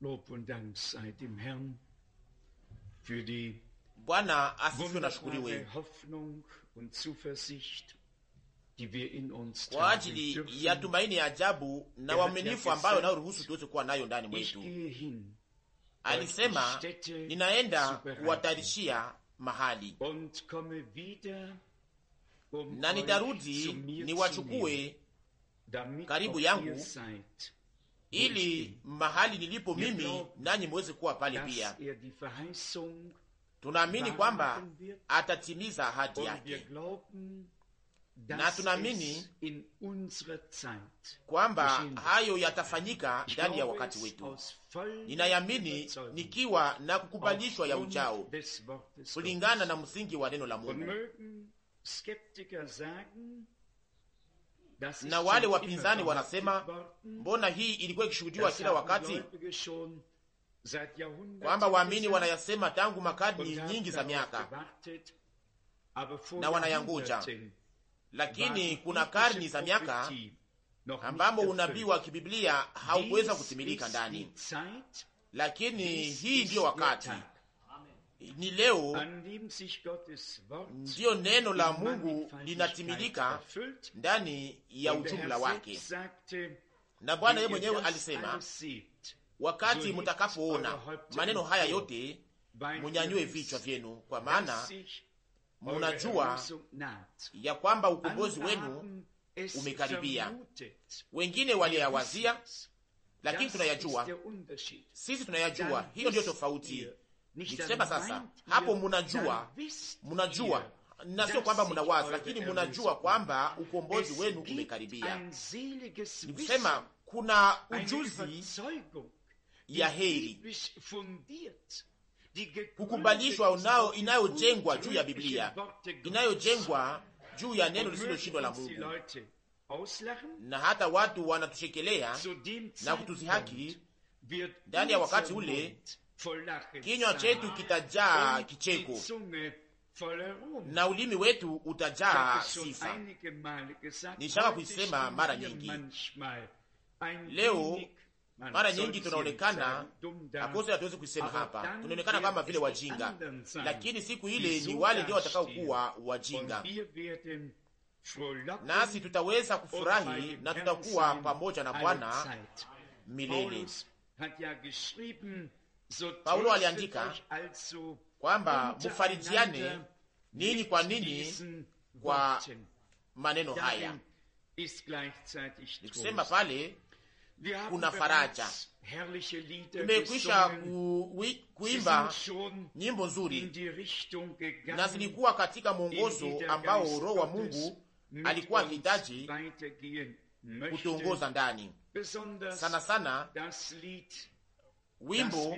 Lob und Dank sei dem Herrn für die Bwana asifiwe na shukuriwe kwa ajili ya tumaini ya ajabu na uaminifu ambayo nayo ruhusu tuweze kuwa nayo ndani mwetu. Alisema, ninaenda kuwatayarishia mahali um na nitarudi niwachukue karibu yangu seid, ili mahali nilipo mimi nanyi mweze kuwa pale pia. Tunaamini kwamba atatimiza ahadi yake na tunaamini kwamba hayo yatafanyika ndani ya wakati wetu. Ninayamini nikiwa na kukubalishwa ya ujao kulingana na msingi wa neno la Mungu na wale wapinzani wanasema, mbona hii ilikuwa ikishuhudiwa kila wakati, kwamba waamini wanayasema tangu makarni nyingi za miaka na wanayangoja, lakini kuna karni za miaka ambamo unabii wa kibiblia haukuweza kutimilika ndani, lakini hii ndiyo wakati ni leo ndiyo neno la Mungu linatimilika ndani ya ujumla wake. Na Bwana yeye mwenyewe alisema, wakati mutakapoona maneno haya yote, munyanyue vichwa vyenu, kwa maana munajua ya kwamba ukombozi wenu umekaribia. Wengine waliyawazia, lakini tunayajua sisi, tunayajua. Hiyo ndiyo tofauti Nikisema sasa hapo, munajua munajua, na sio kwamba mnawaza, lakini munajua kwamba ukombozi wenu umekaribia. Nikusema kuna ujuzi ya heri kukubalishwa unao inayojengwa juu ya Biblia, inayojengwa juu ya neno lisiloshindwa la Mungu, na hata watu wanatushekelea na kutuzihaki ndani ya wakati ule Kinywa chetu kitajaa kicheko na ulimi wetu utajaa sifa. Nishaka kuisema mara nyingi leo, mara nyingi tunaonekana akoso, hatuwezi kuisema hapa, tunaonekana kama vile wajinga, lakini siku ile ni wale ndio watakaokuwa wajinga, nasi tutaweza kufurahi na tutakuwa pamoja na Bwana milele. Paulo aliandika kwamba mufarijiane ninyi kwa ninyi kwa maneno haya, nikusema pale kuna faraja. Tumekwisha kuimba nyimbo nzuri na zilikuwa katika mwongozo ambao Roho wa Mungu alikuwa akihitaji kutuongoza ndani sana sana wimbo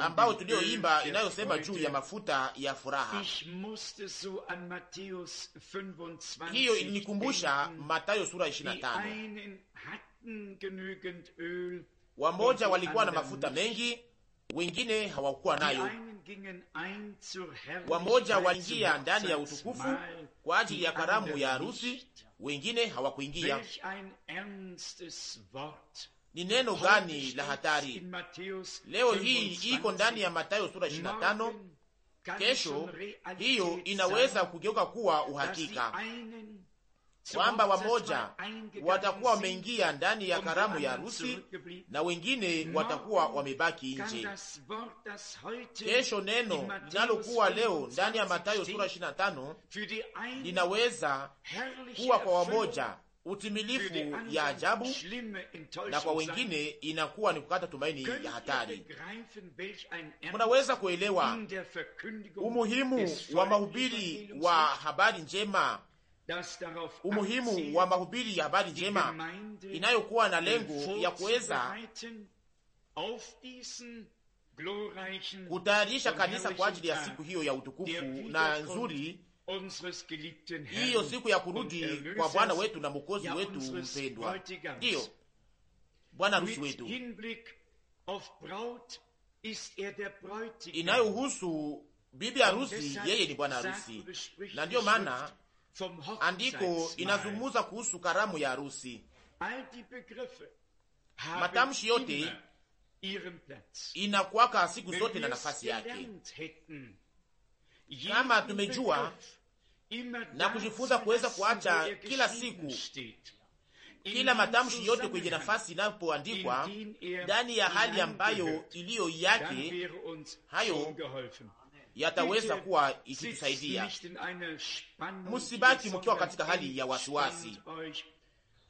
ambao tulioimba inayosema juu ya mafuta ya furaha. hiyo ilinikumbusha Matayo sura 25. Wamoja walikuwa na mafuta mengi, wengine hawakuwa nayo. Wamoja waliingia ndani ya utukufu kwa ajili ya karamu ya harusi, wengine hawakuingia. Ni neno gani la hatari! Leo hii iko ndani ya Mathayo sura 25. Kesho hiyo inaweza kugeuka kuwa uhakika kwamba wamoja watakuwa wameingia ndani ya karamu ya harusi na wengine watakuwa wamebaki nje. Kesho neno linalokuwa leo ndani ya Mathayo sura 25 linaweza kuwa kwa wamoja utimilifu ya ajabu, na kwa wengine inakuwa ni kukata tumaini ya hatari. Munaweza kuelewa umuhimu wa mahubiri wa habari njema, umuhimu wa mahubiri ya habari njema inayokuwa na lengo ya kuweza kutayarisha kanisa kwa ajili ya siku hiyo ya utukufu na nzuri hiyo siku ya kurudi kwa Bwana wetu na Mwokozi wetu mpendwa, ndiyo Bwana rusi wetu er inayohusu bibi harusi. Yeye ni bwana harusi, na ndiyo maana andiko inazungumza kuhusu karamu ya harusi. Matamshi yote inakwaka siku zote na nafasi yake kama tumejua na kujifunza kuweza kuacha kila siku kila matamshi yote kwenye nafasi inapoandikwa ndani ya hali ambayo iliyo yake, hayo yataweza kuwa ikitusaidia. Musibaki mkiwa katika hali ya wasiwasi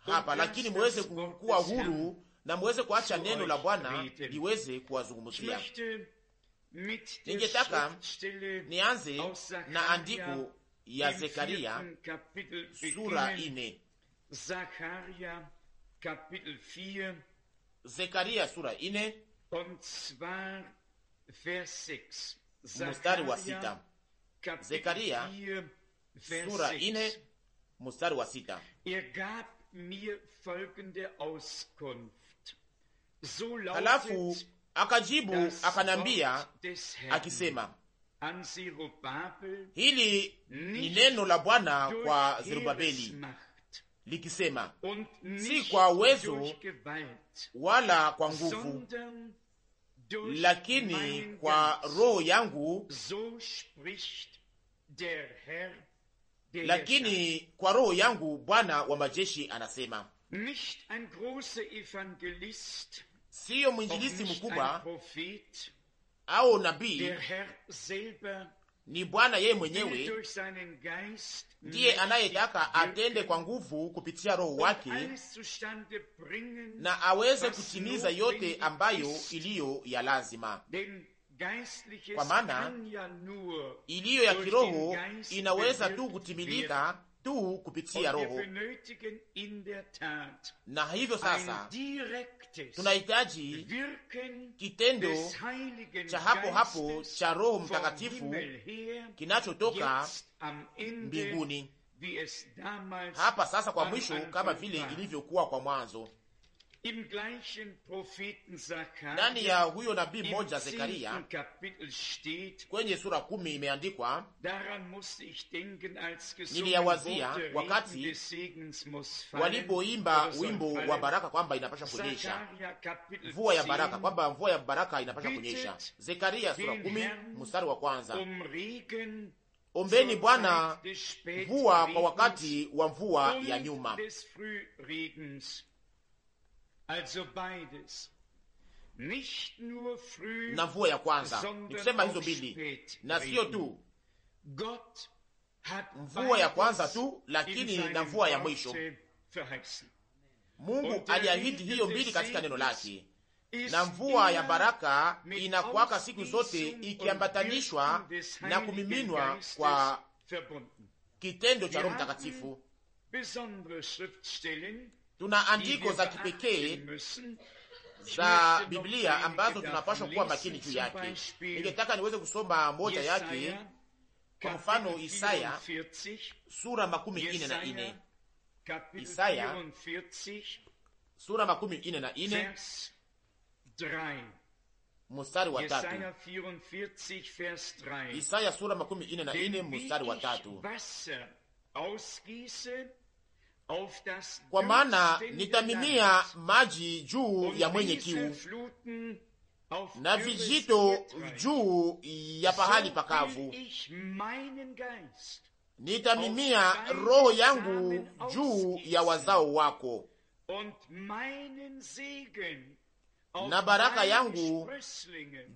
hapa, lakini muweze kuwa huru na muweze kuacha neno la Bwana liweze kuwazungumzia. Ningetaka nianze na andiko ya Zekaria sura ine. Zekaria sura ine mstari wa sita. Zekaria er sura ine mstari wa sita. mir folgende Auskunft. Halafu Akajibu akanambia akisema, hili ni neno la Bwana kwa Zerubabeli likisema, si kwa uwezo wala kwa nguvu, lakini kwa roho yangu, lakini kwa roho yangu, Bwana wa majeshi anasema. Nicht ein großer Evangelist siyo mwinjilisi mkubwa au nabii, ni Bwana yeye mwenyewe ndiye anayetaka atende kwa nguvu kupitia Roho um wake na aweze kutimiza yote ambayo iliyo ya lazima, kwa maana iliyo ya kiroho inaweza tu kutimilika tu kupitia Roho, na hivyo sasa tunahitaji kitendo cha hapo hapo cha Roho Mtakatifu kinachotoka mbinguni hapa sasa, kwa mwisho, kama vile ilivyokuwa kwa mwanzo. Ndani ya huyo nabii mmoja Zekaria, kwenye sura kumi imeandikwa, niliyawazia wakati walipoimba wimbo wa baraka kwamba inapasha kunyesha mvua ya baraka, kwamba mvua ya baraka inapasha kunyesha. Zekaria sura kumi mstari wa kwanza um Ombeni Bwana mvua kwa wakati wa mvua ya nyuma na mvua ya kwanza, nikusema hizo mbili, na siyo tu mvua ya kwanza tu, lakini na mvua ya mwisho. Mungu aliahidi hiyo mbili katika neno lake, na mvua ya baraka inakwaka siku zote ikiambatanishwa na kumiminwa kwa kitendo cha Roho Mtakatifu. Tuna andiko za kipekee za Biblia ambazo tunapaswa kuwa makini juu yake. Ningetaka niweze kusoma moja yake, kwa mfano Isaya sura makumi ine na ine. Isaya sura makumi ine na ine mstari wa tatu. Isaya sura makumi ine na ine mstari wa tatu kwa maana nitamimia maji juu ya mwenye kiu na vijito juu ya pahali pakavu. Nitamimia roho yangu juu ya wazao wako, na baraka yangu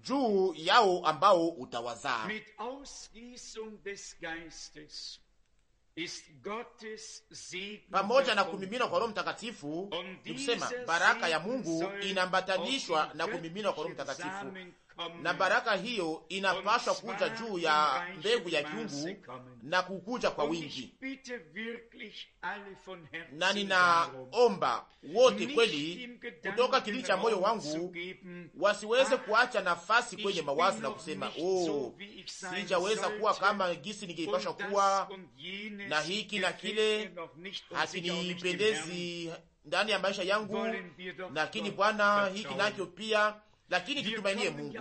juu yao ambao utawazaa pamoja na kumiminwa kwa Roho Mtakatifu. Nikusema baraka ya Mungu inambatanishwa na kumiminwa kwa Roho Mtakatifu, na baraka hiyo inapaswa kuja juu ya mbegu ya kiungu na kukuja kwa wingi. Na ninaomba wote kweli kutoka kilindi cha moyo wangu wasiweze kuacha nafasi kwenye mawazo na kusema oh, sijaweza kuwa kama gisi ningeipasha kuwa na hiki na kile, hakinipendezi ndani ya maisha yangu, lakini Bwana hiki nacho pia lakini tutumainie Mungu.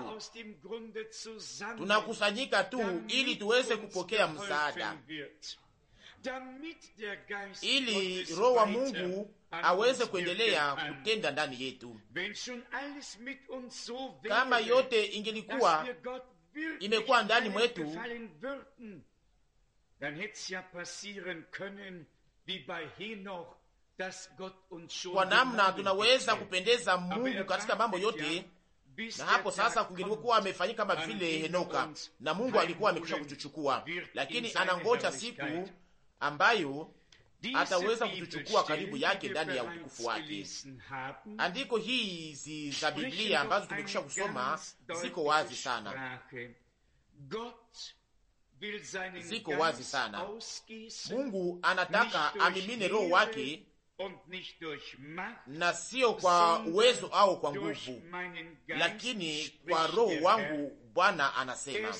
Tunakusanyika tu ili tuweze kupokea msaada, ili Roho wa Mungu aweze kuendelea kutenda ndani yetu. Kama yote ingelikuwa imekuwa ndani mwetu kwa namna tunaweza kupendeza Mungu er katika mambo yote na hapo sasa kungelikuwa amefanyika kama vile Henoka, na Mungu alikuwa amekwisha kuchuchukua lakini anangoja siku ambayo ataweza kutuchukua karibu yake ndani ya utukufu wake. Andiko hizi za Biblia ambazo tumekwisha kusoma ziko wazi sana, ziko wazi sana. Mungu anataka amimine Roho wake na sio kwa uwezo au kwa nguvu, lakini kwa Roho wangu, Bwana anasema.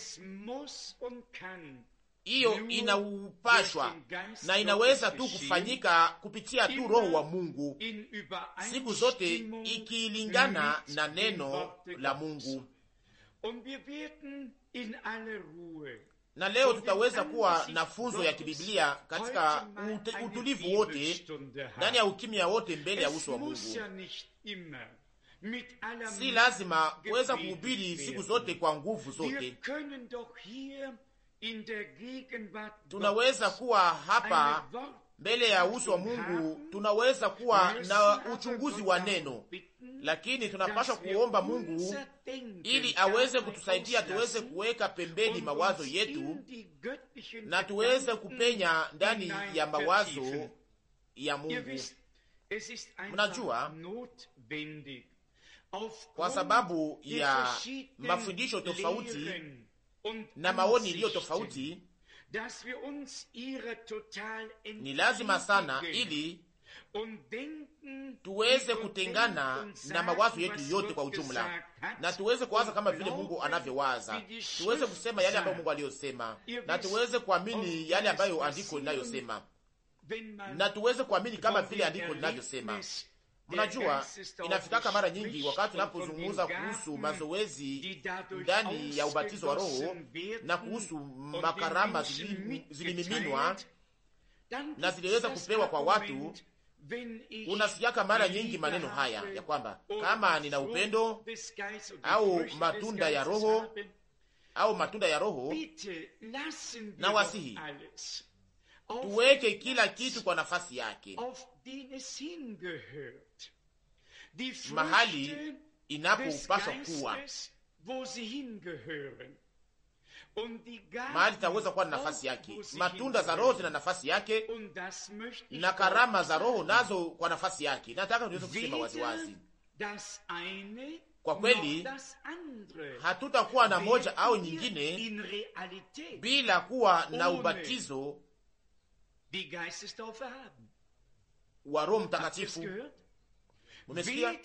Hiyo inaupashwa na inaweza tu kufanyika kupitia tu Roho wa Mungu siku zote, ikilingana na neno la Mungu na leo tutaweza kuwa na funzo ya kibiblia katika utulivu wote ndani ya ukimya wote mbele ya uso wa Mungu. Si lazima kuweza kuhubiri siku zote kwa nguvu zote. Tunaweza kuwa hapa mbele ya uso wa Mungu tunaweza kuwa na uchunguzi wa neno, lakini tunapaswa kuomba Mungu ili aweze kutusaidia tuweze kuweka pembeni mawazo yetu na tuweze kupenya ndani ya mawazo ya Mungu. Mnajua, kwa sababu ya mafundisho tofauti na maoni iliyo tofauti ni lazima sana ili tuweze kutengana na mawazo yetu yote kwa ujumla, na tuweze kuwaza kama vile Mungu anavyowaza, tuweze kusema yale ambayo Mungu aliyosema, na tuweze kuamini yale ambayo andiko linayosema, na tuweze kuamini kama vile andiko linavyosema. Mnajua, inafikaka mara nyingi wakati tunapozungumza kuhusu mazoezi ndani ya ubatizo wa Roho na kuhusu makarama zilimiminwa na ziliweza kupewa kwa watu, unasikiaka mara nyingi maneno haya ya kwamba kama nina upendo au matunda ya Roho au matunda ya Roho, na wasihi tuweke kila kitu kwa nafasi yake mahali inapopaswa kuwa, mahali itaweza kuwa na nafasi yake, matunda za Roho zina nafasi yake, na karama za Roho nazo kwa nafasi yake. Nataka tuweze kusema waziwazi kwa kweli hatutakuwa na moja au nyingine bila kuwa na ubatizo wa Roho Mtakatifu. Umesikia,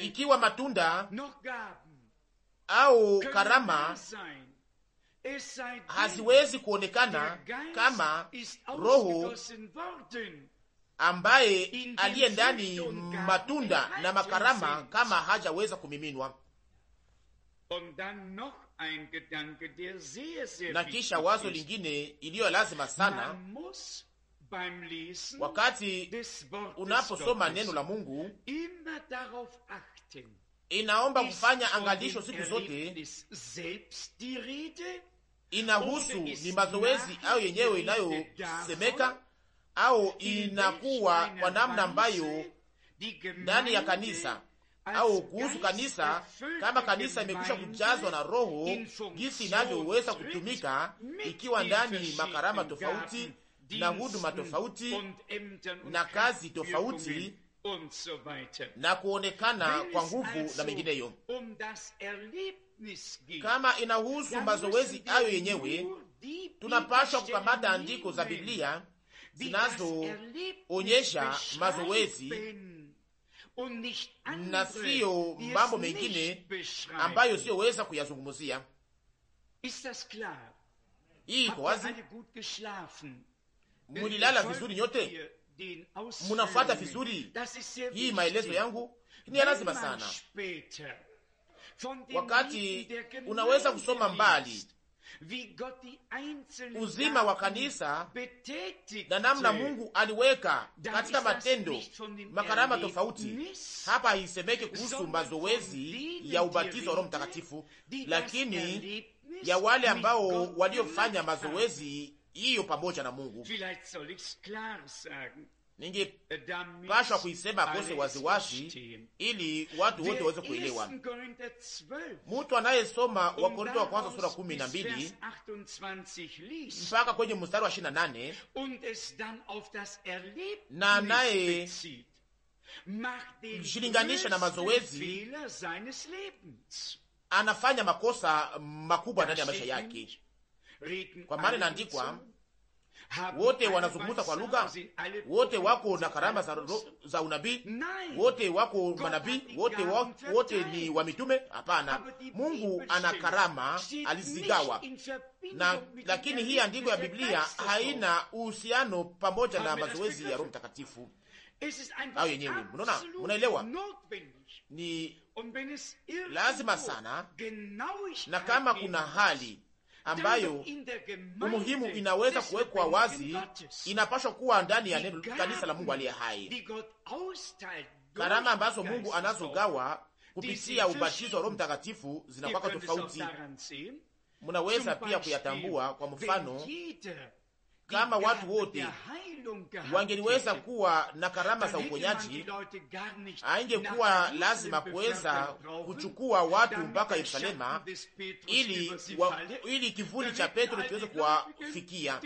ikiwa matunda au karama haziwezi kuonekana kama Roho ambaye aliye ndani matunda na makarama kama hajaweza kumiminwa. Na kisha wazo lingine iliyo lazima sana wakati unaposoma neno la Mungu inaomba kufanya angalisho siku zote, inahusu ni mazoezi au yenyewe inayosemeka au inakuwa kwa namna ambayo ndani ya kanisa au kuhusu kanisa, kama kanisa imekwisha kujazwa na Roho, jinsi inavyoweza kutumika ikiwa ndani makarama tofauti na huduma tofauti na kazi tofauti so na kuonekana kwa nguvu na mengineyo. Kama inahusu mazoezi hayo yenyewe, tunapashwa kukamata andiko za Biblia zinazoonyesha mazoezi na siyo mambo mengine ambayo siyoweza kuyazungumzia. Hii iko wazi. Mulilala vizuri nyote? Munafuata vizuri hii maelezo yangu? Ni ya lazima sana. Wakati unaweza kusoma mbali uzima wa kanisa na namna Mungu aliweka katika matendo makarama tofauti. Hapa haisemeke kuhusu mazoezi ya ubatizo wa Roho Mtakatifu, lakini ya wale ambao waliofanya mazoezi hiyo pamoja na Mungu ningepashwa kuisema kose waziwazi ili watu wote waweze kuelewa. Mtu anayesoma Wakorinto wa kwanza sura kumi na mbili mpaka kwenye mstari wa ishirini na nane na anaye shilinganisha na mazoezi anafanya makosa makubwa ndani ya maisha yake, kwa maana inaandikwa wote wanazungumza kwa lugha, wote wako na karama za, za unabii, wote wako manabii, wote, wote ni wa mitume? Hapana, Mungu ana karama alizigawa na, lakini hii andiko ya Biblia haina uhusiano pamoja na mazoezi ya Roho Mtakatifu au yenyewe. Mnaona, mnaelewa, ni lazima sana, na kama kuna hali ambayo umuhimu inaweza kuwekwa wazi, inapaswa kuwa ndani ya neno kanisa la Mungu aliye hai, karama ambazo Mungu anazogawa kupitia ubatizo wa Roho Mtakatifu zinakwaka tofauti. munaweza pia kuyatambua kwa mfano kama watu wote wangeliweza kuwa na karama za uponyaji, haingekuwa lazima kuweza er kuchukua watu mpaka Yerusalema ili, wa, ili kivuli cha Petro kiweze kuwafikia.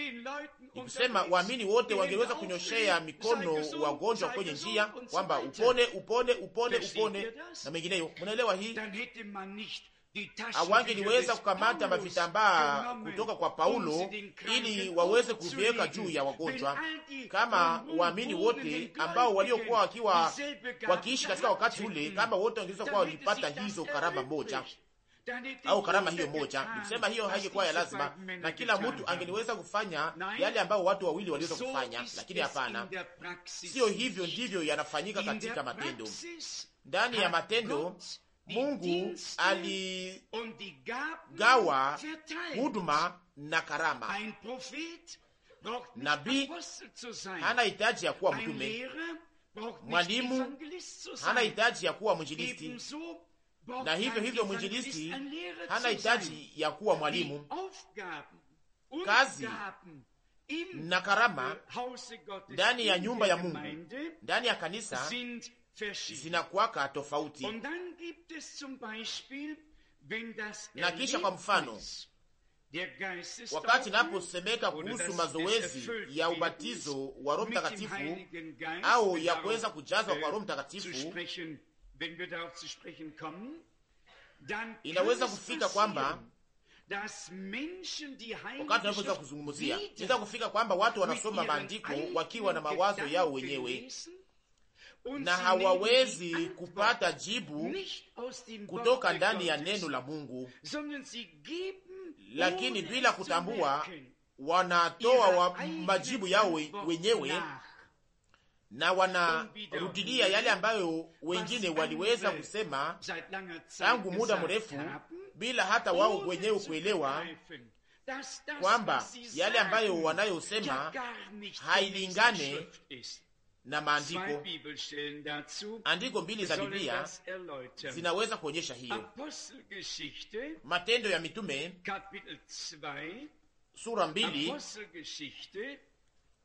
ikusema waamini wote wangeliweza kunyoshea mikono wagonjwa kwenye njia kwamba upone, upone, upone, upone na mengineyo. Mnaelewa hii? hawangeliweza kukamata mavitambaa kutoka kwa Paulo ili waweze kuviweka juu ya wagonjwa, kama waamini wote ambao waliokuwa wakiwa wakiishi katika wakati ule, kama wote wangeweza kuwa walipata hizo karama moja au karama hiyo moja. Nikusema hiyo haingekuwa ya lazima, na kila mtu angeliweza kufanya yale ambayo watu wawili waliweza kufanya, lakini hapana, siyo hivyo ndivyo yanafanyika katika matendo. Ndani ya matendo Mungu aligawa huduma na karama. Nabii hana hitaji ya kuwa mtume, mwalimu hana hitaji ya kuwa mwinjilisti, na hivyo hivyo mwinjilisti hana hitaji ya kuwa mwalimu. Kazi na karama ndani ya nyumba ya Mungu, ndani ya kanisa zinakuwaka tofauti. Na kisha kwa mfano, wakati inaposemeka kuhusu mazoezi ya ubatizo wa Roho Mtakatifu au ya er kuweza kujazwa kwa äh, Roho Mtakatifu, inaweza kufika kwamba wakati unapoweza kuzungumzia inaweza kufika kwamba watu wanasoma maandiko wakiwa na mawazo yao wenyewe na hawawezi kupata jibu kutoka ndani ya neno la Mungu, lakini bila kutambua wanatoa wa majibu yao wenyewe na wanarudilia um yale ambayo wengine waliweza kusema tangu muda mrefu bila hata wao wenyewe kuelewa kwamba yale ambayo wanayosema hailingane na maandiko. Andiko mbili za Biblia zinaweza kuonyesha hiyo. Matendo ya Mitume sura mbili,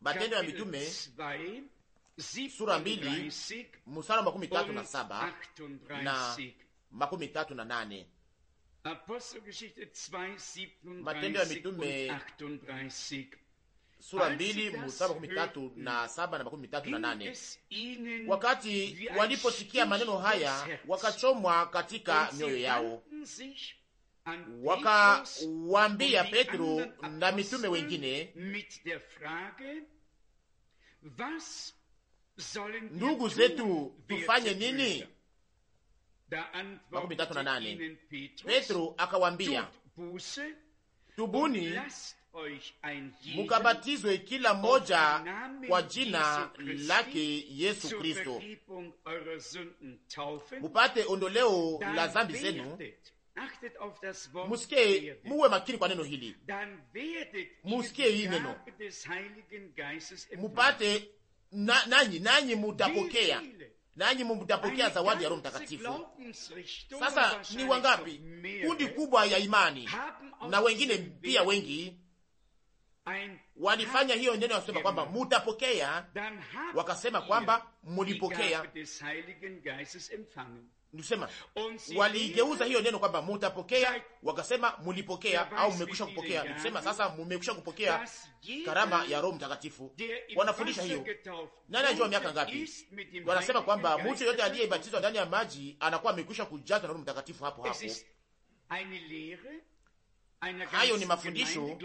Matendo ya Mitume sura mbili mstari makumi tatu na saba na makumi tatu na nane. Matendo ya Mitume sura mbili mstari makumi tatu na saba na makumi tatu na nane. Wakati waliposikia maneno haya, wakachomwa katika mioyo yao, wakawambia Petro na mitume wengine, ndugu zetu, tufanye nini? Makumi tatu na nane. Petro akawambia, tubuni mukabatizwe kila mmoja kwa jina lake Yesu Kristo mupate ondoleo la zambi zenu. Musikie, muwe makini kwa neno hili, musikie hii neno mupate na, nanyi nanyi mutapokea nanyi mutapokea zawadi ya Roho Mtakatifu. Sasa ni wangapi? Kundi kubwa ya imani na wengine pia wengi walifanya hiyo neno, wasema kwamba mutapokea, wakasema kwamba mulipokea Nisema waliigeuza hiyo neno kwamba mutapokea, wakasema mulipokea au mmekwisha kupokea. Nikusema sasa mmekwisha kupokea karama ya Roho Mtakatifu. Wanafundisha hiyo, nani anajua miaka ngapi? Wanasema kwamba mtu yote aliyebatizwa ndani ya maji anakuwa amekwisha kujazwa na Roho Mtakatifu hapo hapo. Hayo ni mafundisho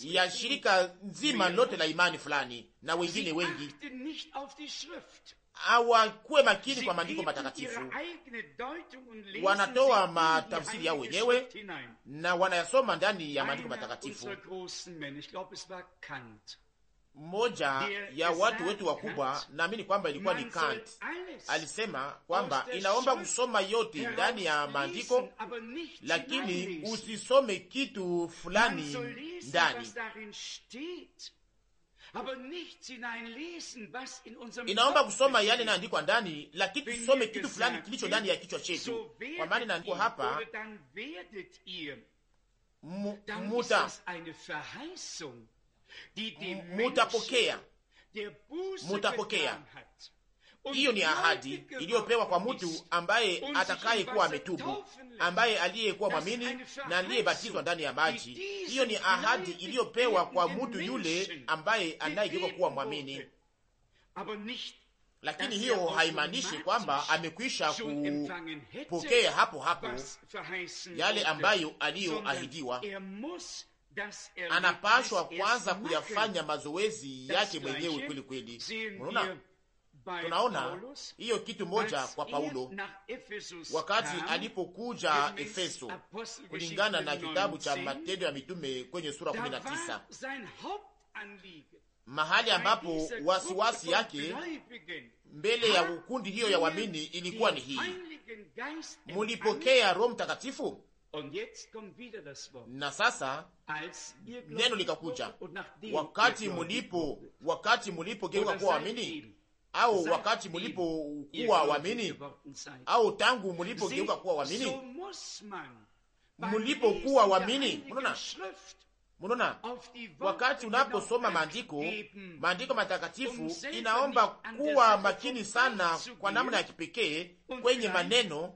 ya shirika nzima lote la imani fulani, na wengine wengi hawakuwe makini kwa maandiko matakatifu, wanatoa matafsiri yao wenyewe na wanayasoma ndani ya maandiko matakatifu mmoja ya watu wetu wakubwa, naamini kwamba ilikuwa ni Kant, alisema kwamba inaomba kusoma yote ndani ya maandiko, lakini usisome kitu fulani ndani. Inaomba kusoma yale inaandikwa ndani, lakini tusome kitu fulani kilicho ndani ya kichwa chetu, kwa maana inaandikwa hapa muta Eh, mutapokea, mutapokea. Hiyo ni ahadi iliyopewa kwa mtu ambaye atakaye kuwa ametubu, ambaye aliyekuwa mwamini na aliyebatizwa ndani ya maji. Hiyo ni ahadi iliyopewa kwa mtu yule ambaye anayegeuka kuwa mwamini, lakini hiyo haimaanishi kwamba amekwisha kupokea hapo hapo yale ambayo aliyoahidiwa anapashwa kwanza kuyafanya mazoezi yake mwenyewe kweli kweli. Unaona, tunaona hiyo kitu moja kwa Paulo wakati alipokuja Efeso, kulingana na kitabu cha Matendo ya Mitume kwenye sura 19 mahali ambapo wasiwasi yake mbele ya ukundi hiyo ya wamini ilikuwa ni hii: mulipokea Roho Mtakatifu na sasa neno likakuja, wakati mulipo, wakati mulipogeuka kuwa waamini, au wakati kuwa waamini, au tangu mulipogeuka kuwa waamini, mulipokuwa waamini, unaona Mnaona, wakati unaposoma maandiko hmm. maandiko matakatifu, inaomba kuwa makini sana kwa namna ya kipekee kwenye maneno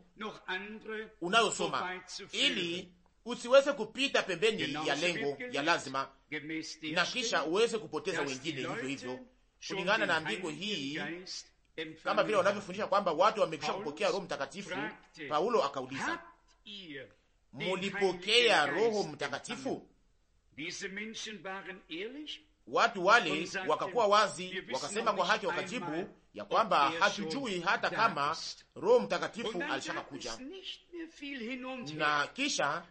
unayosoma ili usiweze kupita pembeni ya lengo ya lazima, na kisha uweze kupoteza wengine hivyo hivyo, kulingana na andiko hii, kama vile wanavyofundisha kwamba watu wamekwisha kupokea Roho Mtakatifu. Paulo akauliza, mulipokea Roho Mtakatifu? Watu wale wakakuwa wazi, wakasema kwa haki, wakajibu ya kwamba hatujui hata kama Roho Mtakatifu alishaka kuja. Na kisha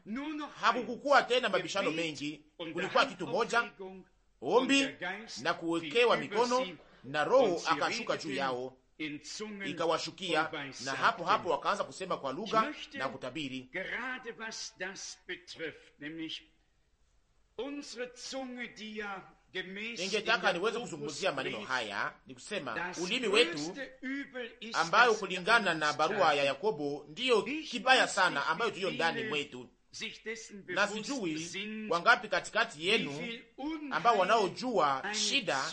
hakukukuwa tena mabishano mengi, kulikuwa kitu moja, ombi na kuwekewa mikono, na Roho akashuka juu yao ikawashukia na hapo hapo wakaanza kusema kwa lugha na kutabiri ningetaka niweze kuzungumzia maneno haya, ni kusema ulimi wetu, ambayo kulingana na barua ya Yakobo ndiyo kibaya sana ambayo tuliyo ndani mwetu, na sijui wangapi katikati yenu ambao wanaojua shida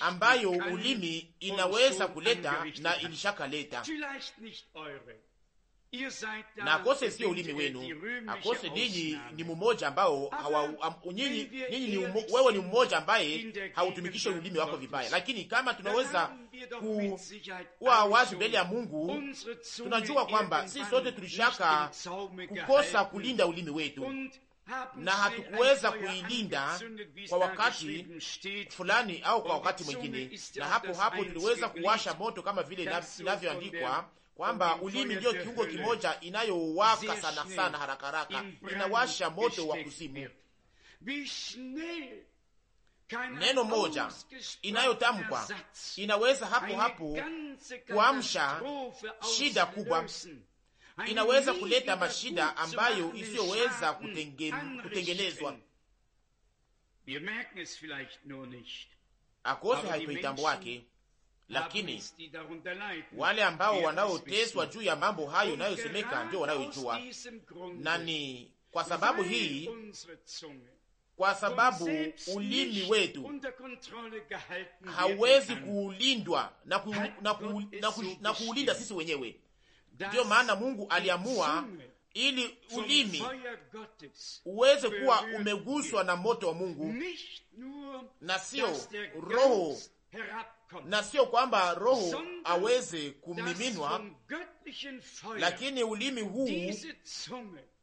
ambayo ulimi inaweza kuleta na ilishakaleta na akose sio ulimi wenu, akose ninyi ni mmoja ambao nyinyi ni umo, wewe ni mmoja ambaye hautumikishe ulimi wako vibaya, lakini kama tunaweza kuwa wazi mbele ya Mungu, tunajua kwamba si sote tulishaka kukosa kulinda ulimi wetu na hatukuweza kuilinda kwa wakati fulani au kwa wakati mwingine, na hapo hapo tuliweza kuwasha moto kama vile inavyoandikwa kwamba ulimi ndiyo kiungo kimoja inayowaka sana sana, haraka haraka, inawasha moto wa kuzimu. Neno moja inayotamkwa inaweza hapo hapo kuamsha shida kubwa, inaweza kuleta mashida ambayo isiyoweza kutengenezwa akose haitoitambo wake lakini wale ambao wanaoteswa juu ya mambo hayo inayosemeka ndio wanayoijua, na ni kwa sababu hii, kwa sababu ulimi wetu hauwezi kuulindwa na, ku, na, ku, na, ku, na kuulinda sisi wenyewe. Ndiyo maana Mungu aliamua ili ulimi uweze kuwa umeguswa na moto wa Mungu na sio roho na sio kwamba roho aweze kumiminwa, lakini ulimi huu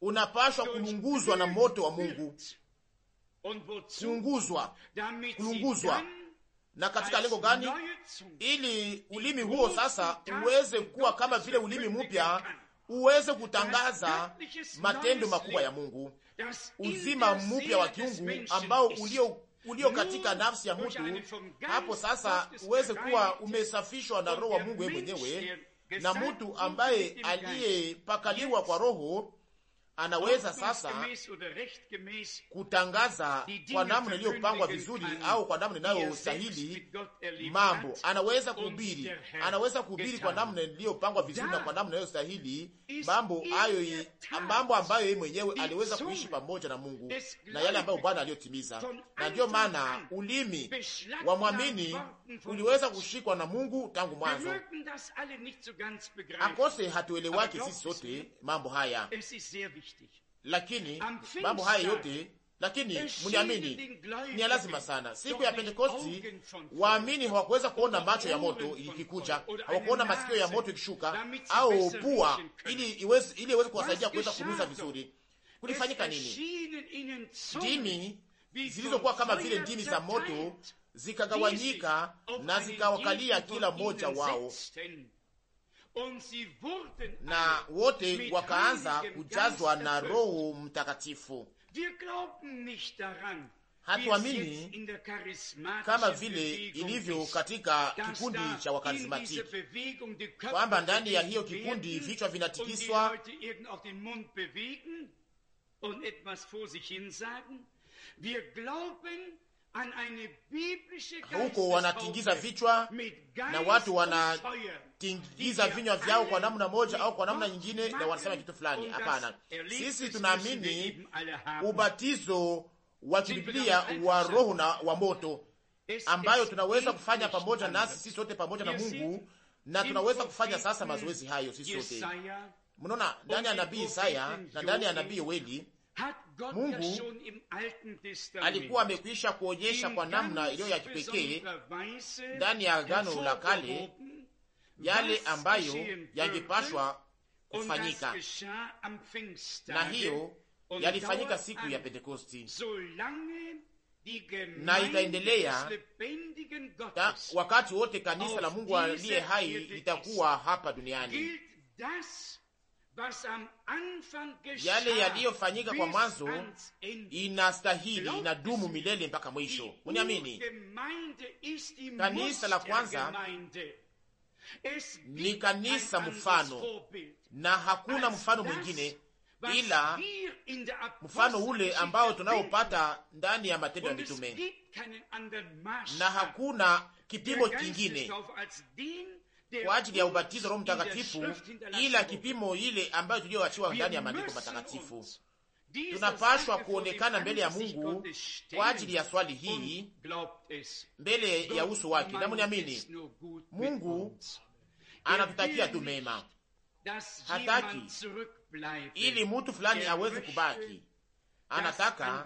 unapashwa kulunguzwa na moto wa Mungu, kulunguzwa, kulunguzwa. Na katika lengo gani? Ili ulimi huo sasa uweze kuwa kama vile ulimi mpya uweze kutangaza matendo makubwa ya Mungu, uzima mpya wa kiungu ambao ulio ulio katika nafsi ya mtu, hapo sasa uweze kuwa umesafishwa na roho wa Mungu yeye mwenyewe, na mtu ambaye aliyepakaliwa kwa roho anaweza sasa kutangaza kwa namna iliyopangwa vizuri au kwa namna inayostahili mambo. Anaweza kuhubiri, anaweza kuhubiri kwa namna iliyopangwa vizuri na kwa namna inayostahili mambo ayo, mambo ambayo yeye mwenyewe aliweza kuishi pamoja na Mungu na yale ambayo Bwana aliyotimiza. Na ndiyo maana ulimi wa mwamini uliweza kushikwa na Mungu tangu mwanzo. Akose hatuelewake sisi sote mambo haya, lakini mambo haya yote lakini mniamini, ni lazima sana. Siku ya Pentekosti waamini hawakuweza kuona macho ya moto ikikuja, hawakuona masikio ya moto ikishuka au pua, ili iweze ili iweze kuwasaidia kuweza kunusa vizuri. Kulifanyika nini? Ndimi zilizokuwa kama vile ndimi za moto zikagawanyika na zikawakalia kila mmoja wao, na wote wakaanza kujazwa na Roho Mtakatifu. Hatuamini kama vile ilivyo katika kikundi cha Wakarismatiki kwamba ndani ya hiyo kikundi vichwa vinatikiswa huko wanatingiza vichwa na watu wanatingiza vinywa vyao kwa namna moja au kwa namna nyingine, na wanasema kitu fulani. Hapana, sisi tunaamini ubatizo wa kibiblia wa roho na wa moto, ambayo tunaweza kufanya pamoja nasi sisi sote pamoja na Mungu, na tunaweza kufanya sasa mazoezi hayo sisi sote. Mnaona ndani ya nabii Isaya na ndani ya nabii Yoeli Mungu alikuwa amekwisha kuonyesha kwa namna iliyo ya kipekee ndani ya Agano la Kale yale ambayo yangepashwa kufanyika, na hiyo yalifanyika siku ya Pentekosti na itaendelea ta, wakati wote kanisa la Mungu aliye hai litakuwa hapa duniani yale yaliyofanyika kwa mwanzo inastahili, inadumu milele mpaka mwisho. Uniamini, kanisa la kwanza ni kanisa mfano, na hakuna mfano mwingine ila mfano ule ambao tunaopata ndani ya Matendo ya Mitume, na hakuna kipimo kingine kwa ajili ya ubatizo Roho Mtakatifu, ila kipimo ile ambayo tuliyoachiwa ndani ya maandiko matakatifu. Tunapashwa kuonekana mbele ya Mungu kwa ajili ya swali hii, mbele ya uso wake, na mniamini, Mungu anatutakia tu mema, hataki ili mtu fulani aweze kubaki anataka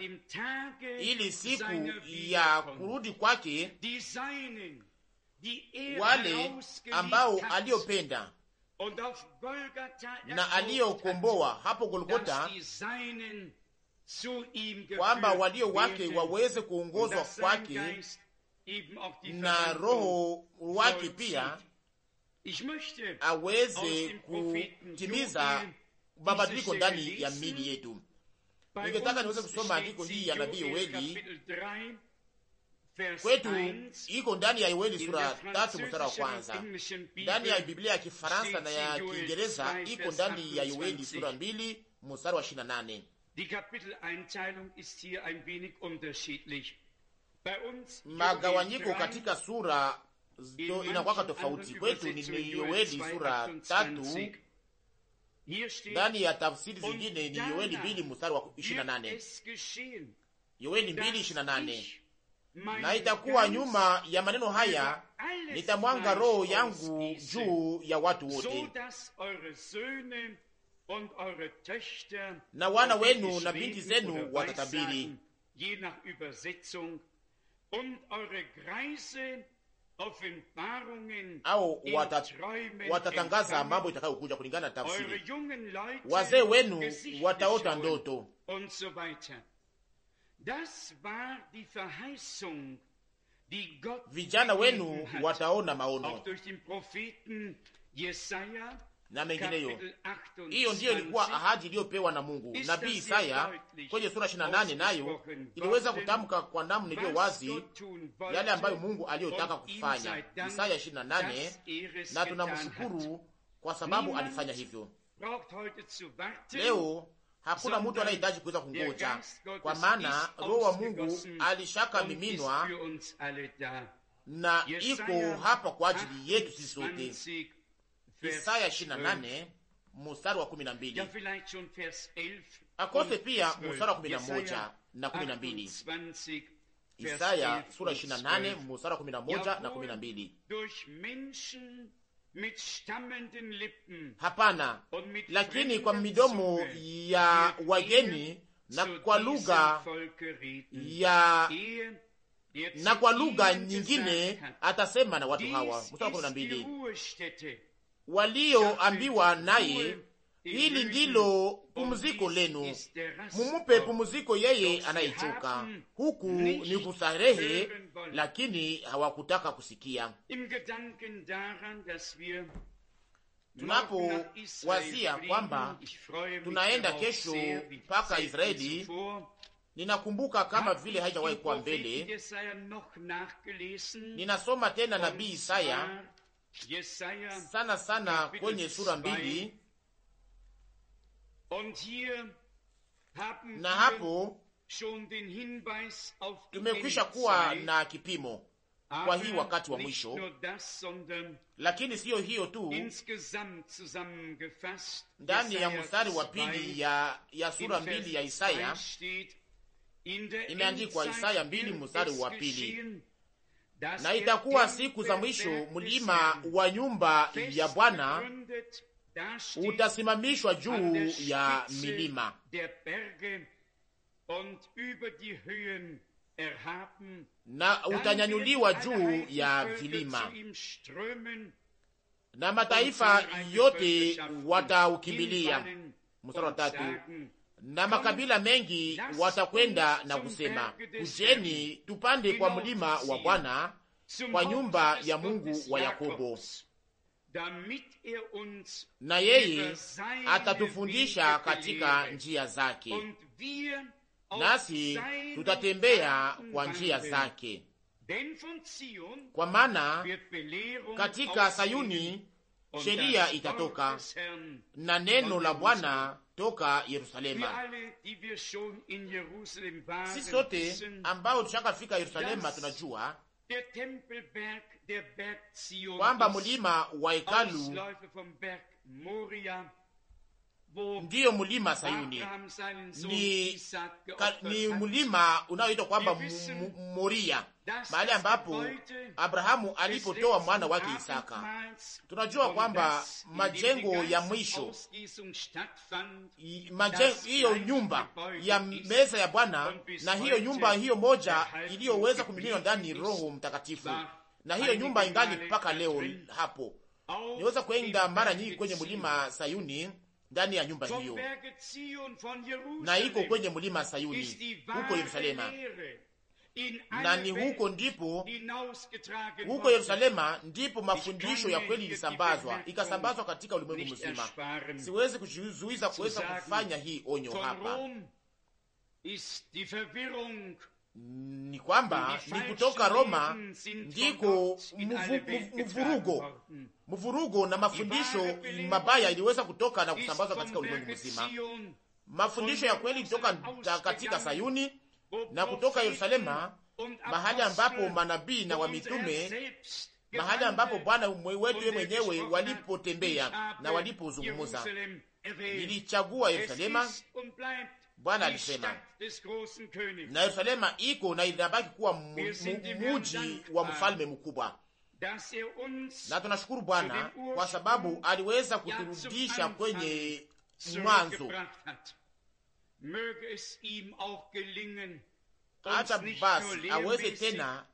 ili siku ya kurudi kwake wale ambao aliopenda na aliyokomboa hapo Golgota, kwamba walio wake waweze kuongozwa kwake na Roho wake pia aweze kutimiza mabadiliko ndani ya mili yetu. Ningetaka niweze kusoma andiko hii ya nabii Yoeli kwetu iko ndani ya Yoeli sura tatu mstari wa kwanza, ndani ya Biblia ya Kifaransa na ya Kiingereza iko ndani ya Yoeli sura mbili mstari wa ishirini na nane. Magawanyiko katika sura to inakwaka tofauti. Kwetu ni Yoeli sura tatu, ndani ya tafsiri zingine ni Yoeli mbili mstari wa ishirini nane. Yoeli mbili ishirini na nane na itakuwa nyuma ya maneno haya nitamwanga roho yangu juu ya watu wote, na wana wenu na binti zenu watatabiri, au watatangaza mambo itakayokuja kulingana na tafsiri. Wazee wenu wataota ndoto so vijana wenu wataona maono na mengineyo. Hiyo ndiyo ilikuwa ahadi iliyopewa na Mungu. Nabii Isaya kwenye sura 28 nayo iliweza kutamka kwa namna iliyo wazi yale ambayo Mungu aliyotaka kufanya. Isaya 28, er na tunamshukuru kwa sababu alifanya hivyo. Leo hakuna mtu anayehitaji kuweza kungoja, kwa maana roho wa Mungu alishaka miminwa na iko hapa kwa ajili yetu sisi sote. Isaya 28 mstari wa 12, akose pia mstari wa 11 na 12. Isaya sura 28 mstari wa 11 na 12. Hapana, lakini kwa midomo ya wageni na kwa lugha ya na kwa lugha nyingine atasema na watu hawa. Mstari wa kumi na mbili walioambiwa naye Hili ndilo pumziko lenu, mumupe pumziko yeye anayechoka. Huku ni kusarehe, lakini hawakutaka kusikia. wazia kwamba tunaenda kesho mpaka Israeli, ninakumbuka kama vile haijawahi kuwa mbele. Ninasoma tena nabii Isaya sana sana kwenye sura mbili na hapo tumekwisha kuwa na kipimo kwa hii wakati wa mwisho das, lakini siyo hiyo tu. Ndani ya mstari wa pili ya, ya sura mbili ya Isaya imeandikwa, Isaya mbili mstari wa pili na itakuwa siku za mwisho mlima wa nyumba ya Bwana utasimamishwa juu ya milima na utanyanyuliwa juu ya vilima, na mataifa yote wataukimbilia. Mstari wa tatu, na makabila mengi watakwenda na kusema, kujeni tupande kwa mlima wa Bwana, kwa nyumba ya Mungu wa Yakobo. Er na yeye atatufundisha katika njia zake, nasi tutatembea kwa njia zake. Kwa maana katika Sayuni sheria itatoka na neno la Bwana toka Yerusalema. Sisi sote ambao tushakafika Yerusalema tunajua kwamba mlima wa hekalu ndiyo mlima Sayuni ni, ka, ni mlima unaoitwa kwamba Moria, mahali ambapo Abrahamu alipotoa mwana wake Isaka. Tunajua kwamba majengo ya mwisho hiyo nyumba ya meza ya Bwana na hiyo nyumba hiyo moja iliyoweza kumiminwa ndani Roho Mtakatifu na hiyo nyumba ingali mpaka leo hapo. Niweza kuenda mara nyingi kwenye mlima Sayuni ndani ya nyumba hiyo, na iko kwenye mlima Sayuni huko Yerusalema, na ni huko ndipo, huko Yerusalema ndipo mafundisho ya kweli ilisambazwa, ikasambazwa katika ulimwengu mzima. Siwezi kujizuiza kuweza kufanya hii onyo hapa ni kwamba ni kutoka Roma ndiko mvurugo mvurugo mm. na mafundisho mabaya iliweza kutoka na kusambazwa katika ulimwengu mzima. Mafundisho ya kweli kutoka katika Sayuni na kutoka Yerusalema, mahali ambapo manabii na wamitume, mahali ambapo Bwana wetu yeye mwenyewe walipotembea na walipozungumuza. Nilichagua Yerusalema Bwana alisema na Yerusalema iko na inabaki kuwa muji wa mfalme mkubwa, na tunashukuru Bwana kwa sababu aliweza kuturudisha kwenye mwanzo. Hata basi aweze tena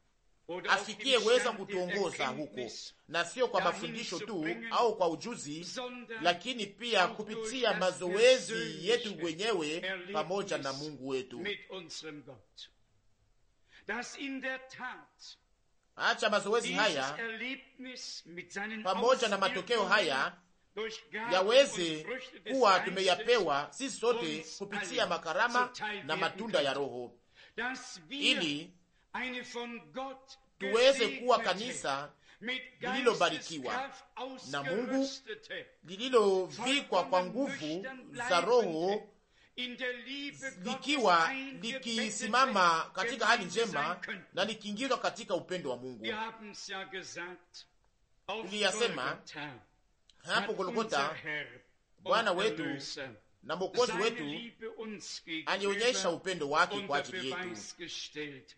weza kutuongoza huko, na sio kwa mafundisho tu au kwa ujuzi, lakini pia kupitia mazoezi yetu wenyewe pamoja na Mungu wetu. Acha mazoezi haya pamoja na matokeo haya yaweze kuwa tumeyapewa sisi sote kupitia makarama na matunda ya Roho ili tuweze kuwa kanisa lililobarikiwa na Mungu, lililovikwa kwa nguvu za Roho, likiwa likisimama katika hali njema na likiingizwa katika upendo wa Mungu. Tuliyasema hapo Golgota, Bwana wetu na Mwokozi wetu alionyesha upendo wake kwa ajili yetu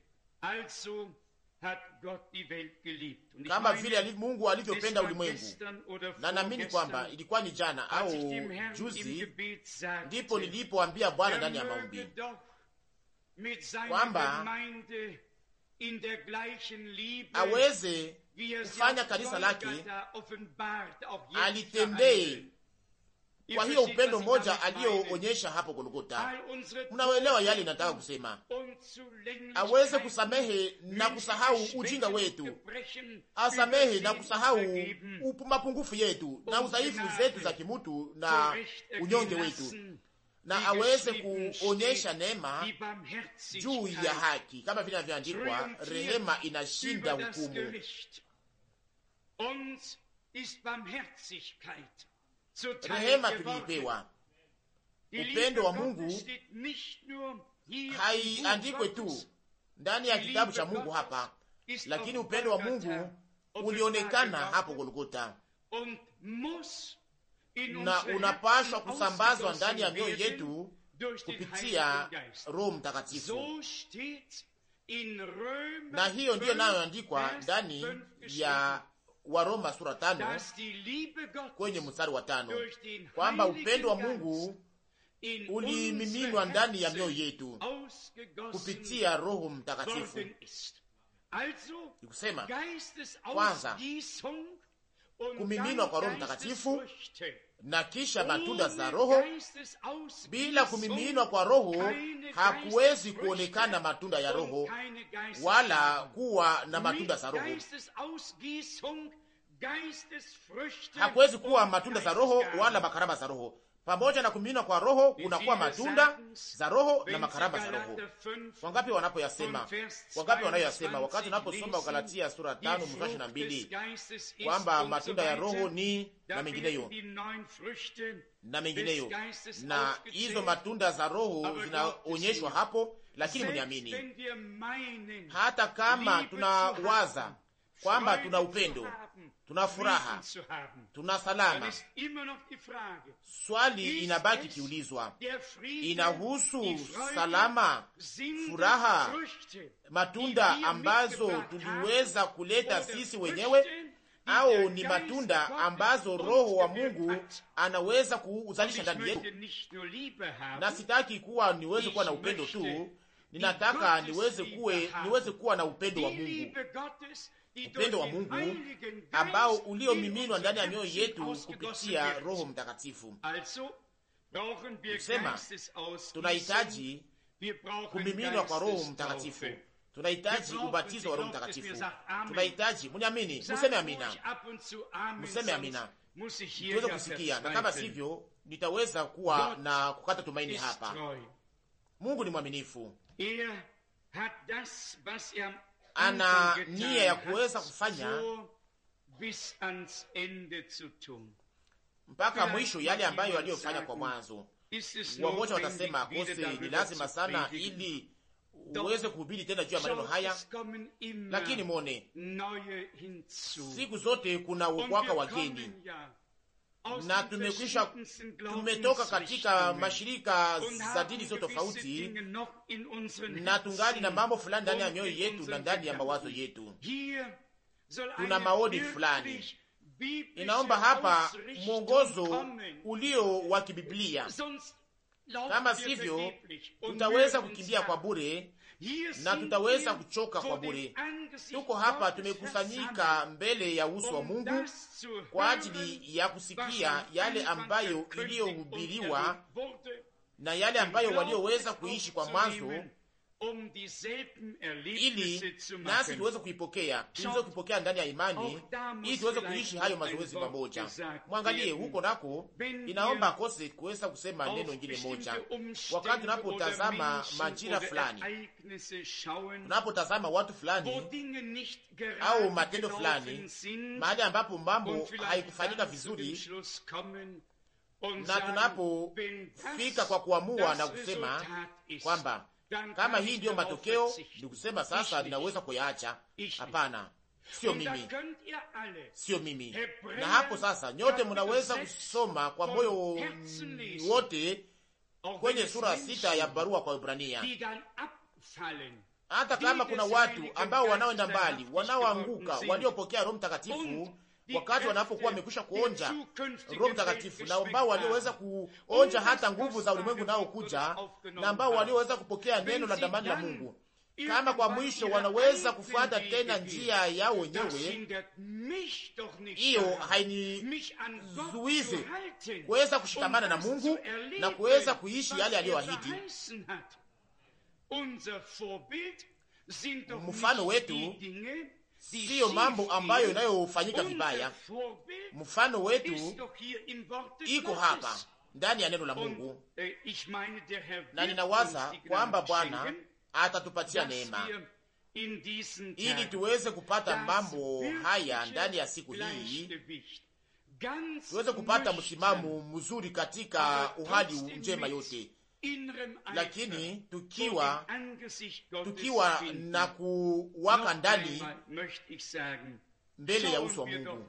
kama vile Mungu alivyopenda ulimwengu. Na naamini kwamba ilikuwa ni jana au juzi, ndipo nilipoambia Bwana er ndani ya maombi kwamba aweze er kufanya kanisa lake alitembee kwa hiyo upendo mmoja aliyoonyesha hapo Golgota. Mnaelewa yale nataka kusema, aweze kusamehe na kusahau ujinga wetu, asamehe na kusahau mapungufu yetu na udhaifu zetu za kimutu na unyonge wetu, na aweze kuonyesha neema juu ya haki, kama vile inavyoandikwa, rehema inashinda hukumu rehema tuliipewa upendo wa Mungu haiandikwe tu ndani ya kitabu cha Mungu hapa, lakini upendo wa Mungu ulionekana hapo Golgota na unapaswa kusambazwa ndani ya mioyo yetu kupitia Roho Mtakatifu. Na hiyo ndiyo inayoandikwa ndani ya wa Roma sura tano kwenye mstari wa tano kwamba upendo wa Mungu ulimiminwa ndani ya mioyo yetu kupitia Roho Mtakatifu. Nikusema kwanza kumiminwa kwa Roho Mtakatifu na kisha matunda za Roho. Bila kumiminwa kwa Roho hakuwezi kuonekana matunda ya Roho wala kuwa na oh, matunda za Roho, hakuwezi kuwa matunda za Roho wala makarama za Roho pamoja na kumiminwa kwa Roho kunakuwa matunda za Roho na makaraba za Roho. Wangapi wanapoyasema, wangapi wanayoyasema wakati unaposoma Galatia sura tano mstari na mbili kwamba matunda ya Roho ni na mengineyo na mengineyo, na hizo matunda za Roho zinaonyeshwa hapo. Lakini mniamini, hata kama tunawaza kwamba tuna upendo tuna furaha, tuna salama. Swali inabaki kiulizwa, inahusu salama, furaha, matunda ambazo tuliweza kuleta sisi wenyewe au ni matunda ambazo Roho wa Mungu anaweza kuzalisha ndani yetu. Na sitaki kuwa niweze kuwa na upendo tu, ninataka niweze kuwe niweze kuwa na upendo wa Mungu upendo wa Mungu ambao uliomiminwa ndani ya mioyo yetu kupitia Roho Mtakatifu. Kusema tunahitaji kumiminwa kwa Roho Mtakatifu, tunahitaji ubatizo wa Roho Mtakatifu, tunahitaji mniamini. Mseme amina, mseme amina, tuweze kusikia, na kama sivyo nitaweza kuwa na kukata tumaini hapa. Mungu ni mwaminifu. Er hat das, was Er ana nia ya kuweza kufanya mpaka mwisho yale ambayo aliyofanya kwa mwanzo. Wamoja watasema kose ni lazima sana ili uweze kuhubiri tena juu ya maneno haya, lakini mwone siku zote kuna ukwaka wageni na tumekwisha tumetoka katika mashirika za dini zote tofauti, na tungali na mambo fulani ndani ya nyoyo yetu na ndani ya mawazo yetu, tuna maoni fulani. Inaomba hapa mwongozo ulio wa kibiblia, kama sivyo tutaweza kukimbia kwa bure na tutaweza kuchoka kwa bure. Tuko hapa tumekusanyika mbele ya uso wa Mungu kwa ajili ya kusikia yale ambayo iliyohubiriwa na yale ambayo walioweza kuishi kwa mwanzo Um ili nasi tuweze kuipokea, tuweze kuipokea ndani ya imani, ili tuweze kuishi hayo mazoezi mamoja. Mwangalie huko nako, inaomba akose kuweza kusema neno ingine moja. Wakati unapotazama majira fulani, unapotazama watu fulani au matendo fulani, mahali ambapo mambo haikufanyika vizuri na tunapofika kwa kuamua na kusema kwamba kama hii ndiyo matokeo, ni kusema sasa ninaweza kuyaacha? Hapana, sio mimi, sio mimi. Na hapo sasa, nyote mnaweza kusoma kwa moyo wote kwenye sura sita ya barua kwa Ibrania, hata kama kuna watu ambao wanaoenda mbali, wanaoanguka, waliopokea Roho Mtakatifu wakati wanapokuwa wamekwisha kuonja Roho Mtakatifu, na ambao walioweza kuonja hata nguvu za ulimwengu nao kuja, na ambao walioweza kupokea neno la damani la Mungu, kama kwa mwisho wanaweza kufuata tena njia yao wenyewe, hiyo hainizuizi kuweza kushikamana na Mungu na kuweza kuishi yale aliyoahidi. Mfano wetu siyo mambo ambayo inayofanyika vibaya. Mfano wetu iko hapa ndani ya neno la Mungu, eh, na ninawaza kwamba Bwana atatupatia neema ili tuweze kupata mambo haya ndani ya siku hii, tuweze kupata msimamo mzuri katika uhali njema yote lakini tukiwa tukiwa na kuwaka ndani mbele ya uso wa Mungu.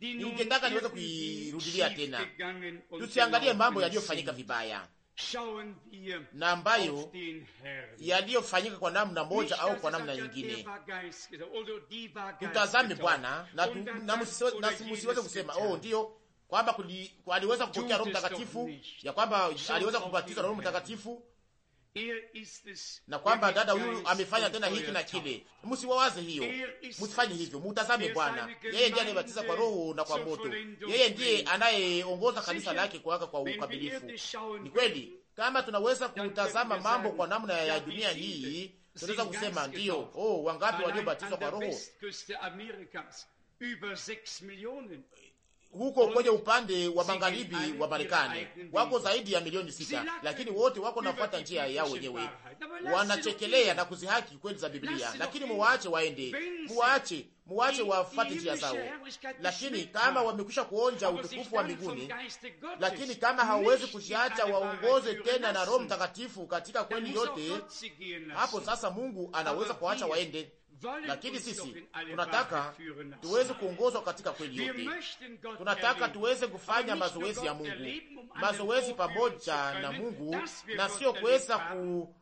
Ningetaka niweze kuirudilia tena, tusiangalie mambo yaliyofanyika vibaya na ambayo yaliyofanyika kwa namna moja au kwa namna nyingine. Tutazame Bwana na, na, na musiweze kusema oh, ndiyo kwamba aliweza kupokea Roho Mtakatifu, ya kwamba aliweza kubatizwa Roho Mtakatifu na kwamba dada huyu amefanya tena hiki na kile. Msiwawaze hiyo, msifanye hivyo, mutazame Bwana. Yeye ndiye anayebatiza kwa Roho na kwa moto, yeye ndiye anayeongoza kanisa lake kuwaka kwa ukamilifu. Ni kweli, kama tunaweza kutazama mambo kwa namna ya dunia hii, tunaweza kusema ndiyo, oh, wangapi waliobatizwa kwa Roho huko kwenye upande wa magharibi wa Marekani wako zaidi ya milioni sita, lakini wote wako nafuata njia yao wenyewe, wanachekelea na kuzihaki kweli za Biblia. Lakini muwaache waende, muwaache, muwaache wafuate njia zao. Lakini kama wamekwisha kuonja utukufu wa mbinguni, lakini kama hawawezi kujiacha waongoze tena na Roho Mtakatifu katika kweli yote, hapo sasa Mungu anaweza kuacha waende lakini sisi tunataka tuweze kuongozwa katika kweli yote. Tunataka tuweze kufanya mazoezi ya Mungu, mazoezi pamoja na Mungu, na sio kuweza ku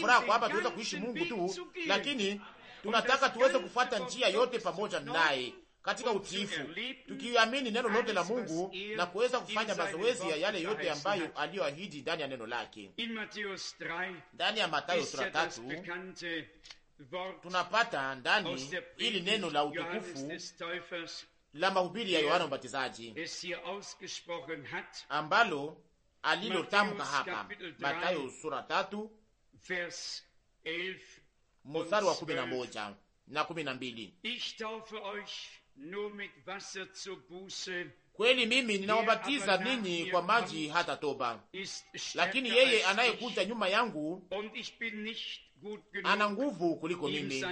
furaha kwamba tuweza kuishi Mungu tu, lakini tunataka tuweze kufuata njia yote pamoja naye katika utiifu, tukiamini neno lote la Mungu na kuweza kufanya mazoezi ya yale yote ambayo aliyoahidi ndani ya neno lake. Ndani ya Mathayo sura tatu tunapata ndani ili neno la utukufu la mahubiri ya Yohana Mbatizaji ambalo alilotamka hapa Mathayo sura tatu mstari wa kumi na moja na kumi na mbili. Kweli mimi ninawabatiza ninyi kwa maji hata toba, lakini yeye anayekuja nyuma yangu ana nguvu kuliko mimi,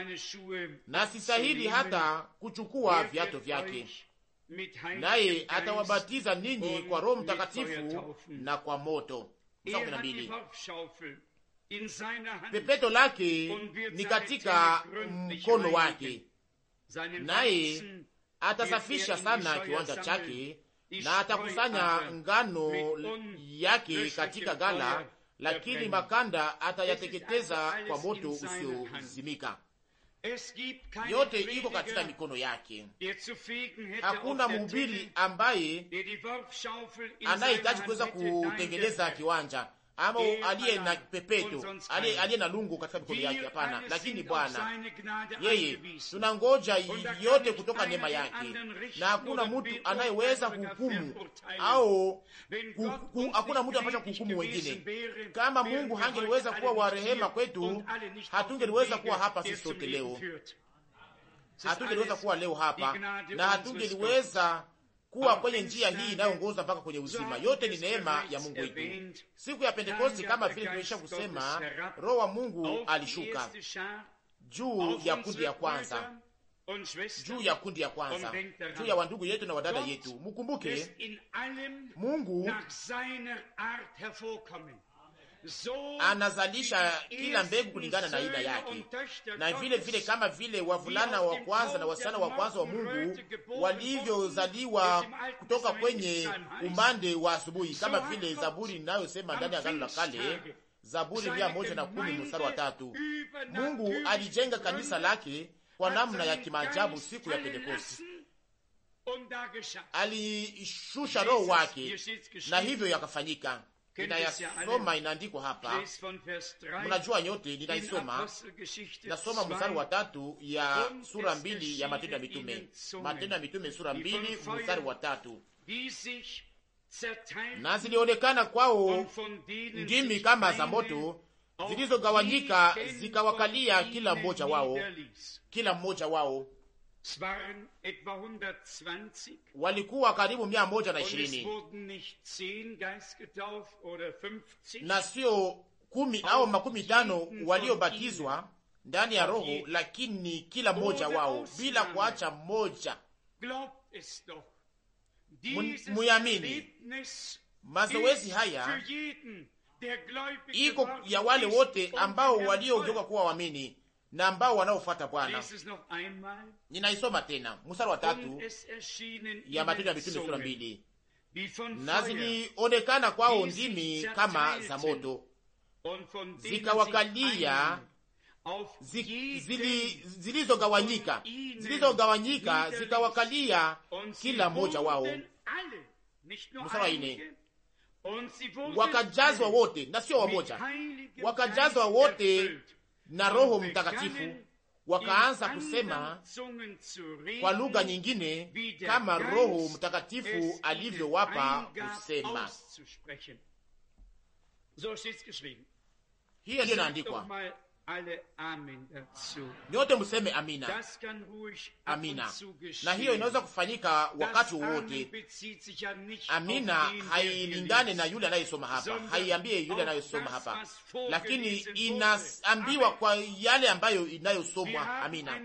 na sisahili hata kuchukua er viato vyake. Naye atawabatiza ninyi kwa Roho Mtakatifu na kwa moto. Er Pepeto lake ni katika mkono wake, naye atasafisha sana kiwanja chake na atakusanya ngano yake katika gala, lakini makanda atayateketeza kwa moto usiozimika. Yote iko katika mikono yake. Hakuna mhubiri ambaye anayehitaji kuweza kutengeneza kiwanja ama e aliye na pepeto aliye na lungu katika mikono yake. Hapana, lakini Bwana yeye, tunangoja yote kutoka neema yake, na hakuna mtu anayeweza kuhukumu au hakuna mtu anapasha kuhukumu wengine. Kama Mungu hangeliweza kuwa wa rehema kwetu, hatungeliweza kuwa hapa sisi sote leo, hatungeliweza kuwa leo hapa na hatungeliweza kuwa kwenye njia hii inayoongoza mpaka kwenye uzima. Yote ni neema ya Mungu wetu. Siku ya Pentekosti, kama vile tumesha kusema, Roho wa Mungu alishuka juu ya kundi ya kwanza juu ya kundi ya kwanza, juu ya wandugu yetu na wadada yetu. Mkumbuke Mungu anazalisha kila mbegu kulingana na aina yake, na vile vile kama vile wavulana wa kwanza na wasichana wa kwanza wa Mungu walivyozaliwa kutoka kwenye umande wa asubuhi, kama vile Zaburi inayosema ndani ya Agano la Kale, Zaburi mia moja na kumi mstari wa tatu. Mungu alijenga kanisa lake kwa namna ya kimaajabu siku ya pentekosti alishusha roho wake na hivyo yakafanyika. Tena ya inaandikwa hapa, mnajua nyote, ninaisoma. Nasoma mstari wa tatu ya sura mbili ya Matendo ya Mitume, Matendo ya Mitume sura mbili mstari wa tatu na zilionekana kwao ndimi kama za moto zilizogawanyika zikawakalia kila mmoja wao, kila mmoja wao walikuwa karibu mia moja na ishirini na sio kumi au makumi tano waliobatizwa ndani ya Roho, lakini kila mmoja wao bila kuacha mmoja. Muyamini mazoezi haya iko ya wale wote ambao waliogeuka kuwa waamini na ambao wanaofuata Bwana. Ninaisoma tena mstari wa tatu ya Matendo ya Mitume sura mbili na zilionekana kwao ndimi kama za moto zikawakalia zi, zili, zilizogawanyika zilizogawanyika zikawakalia kila mmoja wao. Msara wa ine wakajazwa wote na sio wamoja, wakajazwa wote na Roho Mtakatifu wakaanza kusema kwa lugha nyingine kama Roho Mtakatifu alivyowapa kusema. Hiyo ndiyo inaandikwa. Nyote mseme amina, amina. Na hiyo inaweza kufanyika wakati wowote. Amina hailingane na yule anayesoma hapa, haiambie yule anayesoma hapa, lakini inaambiwa kwa yale ambayo inayosomwa. Amina,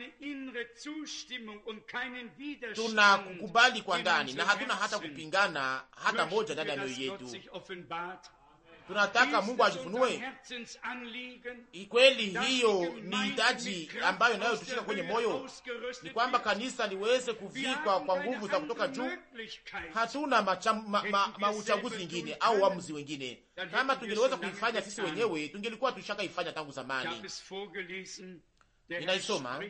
tunakukubali kwa ndani na hatuna hata kupingana hata moja ndani ya mioyo yetu tunataka Mungu ajifunue. Kweli hiyo ni hitaji ambayo inayotushika kwenye moyo, ni kwamba kanisa liweze kuvikwa kwa nguvu za kutoka juu. Hatuna mauchaguzi ma, ma, ingine au uamuzi wengine. Kama tungeliweza kuifanya sisi wenyewe, tungelikuwa tushaka ifanya tangu zamani. Ninaisoma.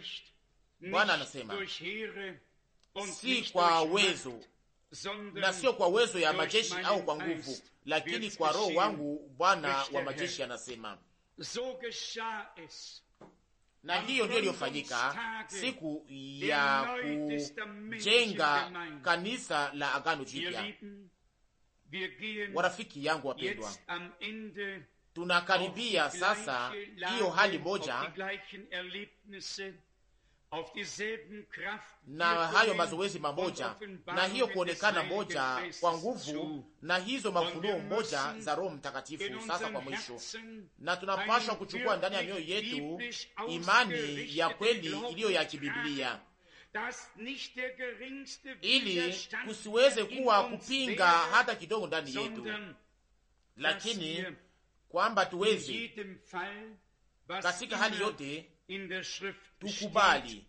Bwana anasema si kwa uwezo na sio kwa uwezo ya majeshi au kwa nguvu, lakini kwa Roho wangu Bwana wa majeshi anasema. So na hiyo ndiyo iliyofanyika siku ya kujenga kanisa la agano jipya. Warafiki yangu wapendwa, tunakaribia sasa hiyo hali moja na hayo mazoezi mamoja na hiyo kuonekana moja kwa nguvu na hizo mafunuo moja za Roho Mtakatifu. Sasa kwa mwisho, na tunapashwa kuchukua ndani ya mioyo yetu imani ya kweli iliyo ya kibiblia, ili kusiweze kuwa kupinga hata kidogo ndani yetu, lakini kwamba tuweze katika hali yote tukubali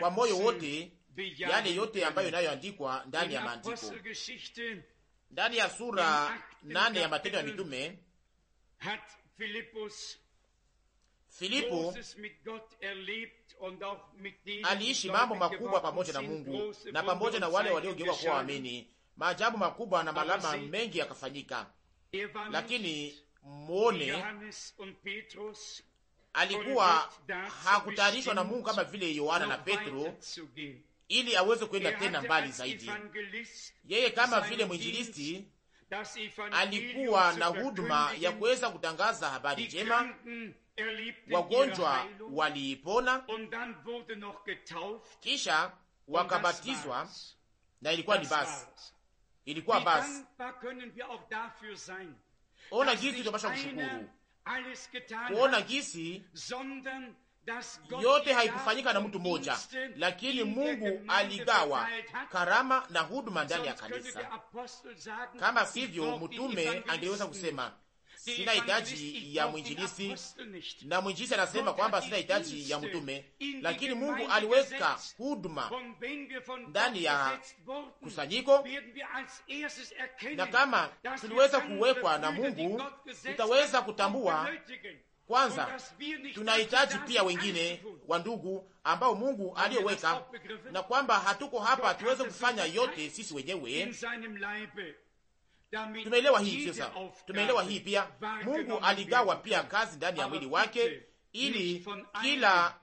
kwa moyo wote yale yote ambayo inayoandikwa ndani ya maandiko. Ndani ya sura nane ya Matendo ya Mitume, Filipo aliishi mambo makubwa pamoja na Mungu na pamoja na wale waliogeuka kuwa waamini. Maajabu makubwa na malama mengi yakafanyika, er lakini mwone alikuwa hakutayarishwa na Mungu kama vile Yohana na Petro ili aweze kuenda tena mbali zaidi. Yeye kama vile mwinjilisti alikuwa na huduma ya kuweza kutangaza habari njema, wagonjwa waliipona, kisha wakabatizwa, na ilikuwa ni basi, ilikuwa basi. Ona jinsi tunapasha kushukuru kuona gisi yote haikufanyika na mtu mmoja, lakini Mungu aligawa karama na huduma ndani ya kanisa. Kama sivyo, mtume angeweza kusema sina hitaji ya mwinjilisi, na mwinjilisi anasema kwamba sina hitaji ya mtume, lakini Mungu aliweka huduma ndani ya kusanyiko, na kama tuliweza kuwekwa na Mungu, tutaweza kutambua kwanza tunahitaji pia wengine wa ndugu ambao Mungu aliyoweka, na kwamba hatuko hapa tuweze kufanya yote sisi wenyewe Tumeelewa hii sasa, tumeelewa hii pia. Mungu aligawa pia kazi ndani ya mwili wake ili kila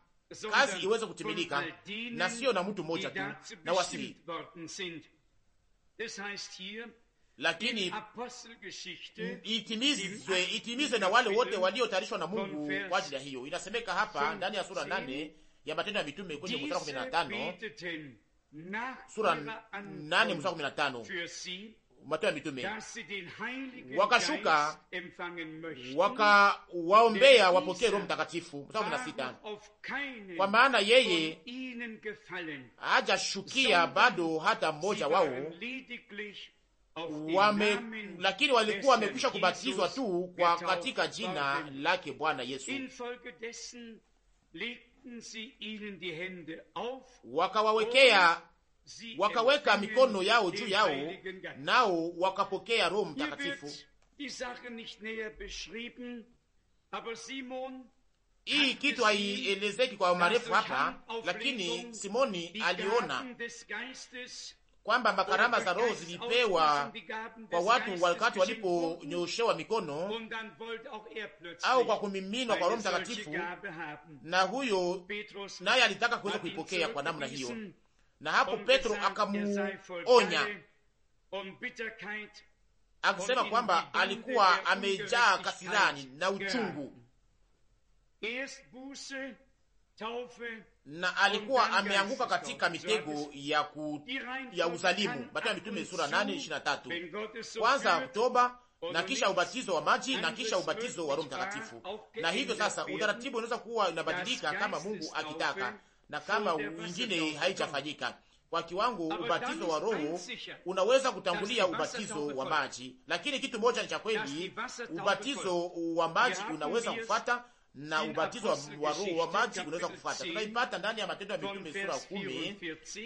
kazi iweze kutimilika, na sio na mtu mmoja tu na wasili lakini itimizwe itimizwe na wale wote waliotayarishwa na Mungu kwa ajili ya hiyo. Inasemeka hapa ndani ya sura nane ya Matendo ya Mitume kwenye mstari kumi na tano sura nane mstari kumi na tano Matendo ya Mitume, wakashuka wakawaombea wapokee Roho Mtakatifu. Kwa maana yeye hajashukia bado hata mmoja wao wame, lakini walikuwa wamekwisha kubatizwa tu kwa katika jina lake Bwana Yesu wakawawekea oh, wakaweka mikono yao juu yao, nao wakapokea Roho Mtakatifu. Hii kitu haielezeki kwa marefu er hapa, lakini Simoni aliona kwamba makarama za Roho zilipewa kwa watu wakati waliponyoshewa mikono er au kwa kumiminwa kwa Roho Mtakatifu, na huyo naye alitaka kuweza kuipokea kwa namna hiyo na hapo Petro akamuonya akisema kwamba alikuwa amejaa kasirani na uchungu na alikuwa ameanguka katika mitego ya, ku, ya uzalimu. Matendo ya Mitume sura 8:23. Kwanza kutoba na kisha ubatizo wa maji na kisha ubatizo wa Roho Mtakatifu. Na hivyo sasa utaratibu unaweza kuwa unabadilika kama Mungu akitaka, na kama ingine haijafanyika. Kwa kiwango ubatizo wa Roho unaweza kutangulia ubatizo wa maji, lakini kitu moja ni cha kweli, ubatizo wa maji unaweza kufata na ubatizo wa Roho wa maji unaweza kufata. Tunaipata ndani ya Matendo ya Mitume sura kumi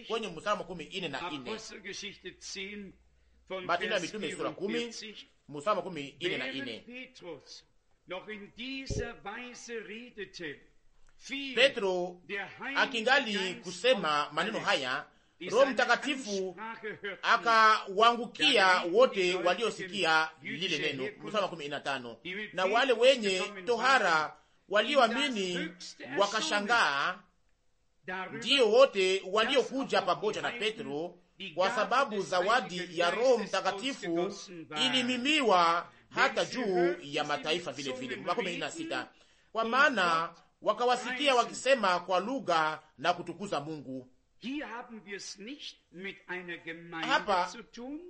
kwenye mstari makumi ine na ine. Matendo ya Mitume sura kumi mstari makumi ine na ine. Petro akingali kusema maneno haya, Roho Mtakatifu akawangukia wote waliosikia lile neno. Mstari makumi na tano, na wale wenye tohara walioamini wakashangaa, ndiyo wote waliokuja pamoja na Petro, kwa sababu zawadi ya Roho Mtakatifu ilimimiwa hata juu ya mataifa vile vile. Makumi ine na sita, kwa maana wakawasikia wakisema kwa lugha na kutukuza Mungu. Hapa,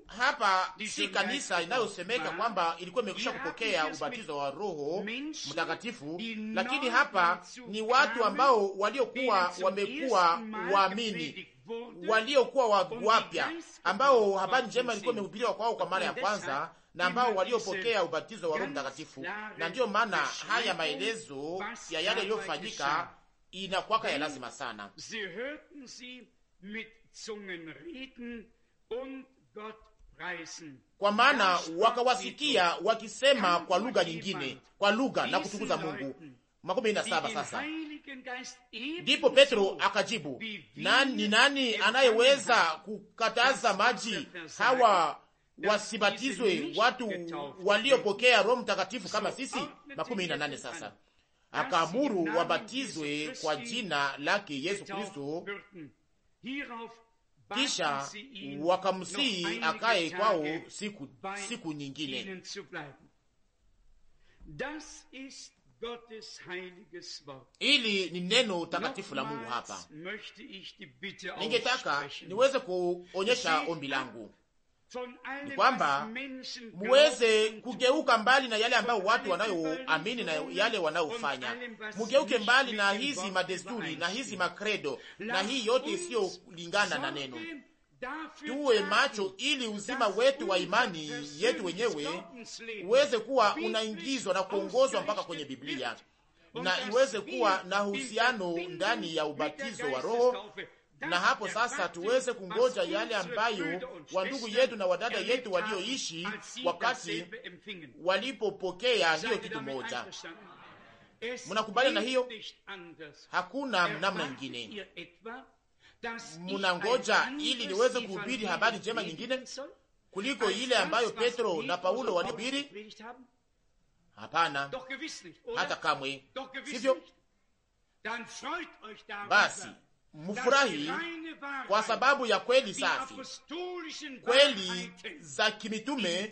hapa si kanisa inayosemeka kwamba ilikuwa imekwisha kupokea ubatizo wa Roho Mtakatifu, lakini hapa ni watu ambao waliokuwa wamekuwa waamini waliokuwa um wapya ambao habari njema ilikuwa imehubiriwa kwao kwa mara ya kwanza na ambao waliopokea ubatizo wa Roho Mtakatifu. Na ndiyo maana haya maelezo ya yale yaliyofanyika inakwaka ya lazima sana. Um kwa maana wakawasikia wakisema kwa lugha nyingine, kwa lugha na kutukuza Mungu. Makumi na saba. Sasa ndipo Petro akajibu, nani, nani anayeweza kukataza maji hawa wasibatizwe watu waliopokea Roho Mtakatifu kama sisi. Makumi na nane. Sasa akaamuru wabatizwe kwa jina lake Yesu Kristo, kisha wakamsihi akae kwao siku, siku nyingine. Ili ni neno takatifu la Mungu. Hapa ningetaka niweze kuonyesha ombi langu ni kwamba muweze kugeuka mbali na yale ambayo watu wanayoamini na yale wanayofanya, mugeuke mbali na hizi madesturi na hizi makredo na hii yote isiyolingana na neno. Tuwe macho ili uzima wetu wa imani yetu wenyewe uweze kuwa unaingizwa na kuongozwa mpaka kwenye Biblia na iweze kuwa na uhusiano ndani ya ubatizo wa Roho na hapo sasa tuweze kungoja yale ambayo wandugu yetu na wadada yetu walioishi wakati walipopokea hiyo kitu moja. munakubali na hiyo? Hakuna namna ingine. munangoja ili niweze kuhubiri habari njema nyingine kuliko ile ambayo Petro na Paulo walihubiri? Hapana, hata kamwe, sivyo? Basi mfurahi kwa sababu ya kweli safi. Kweli za kimitume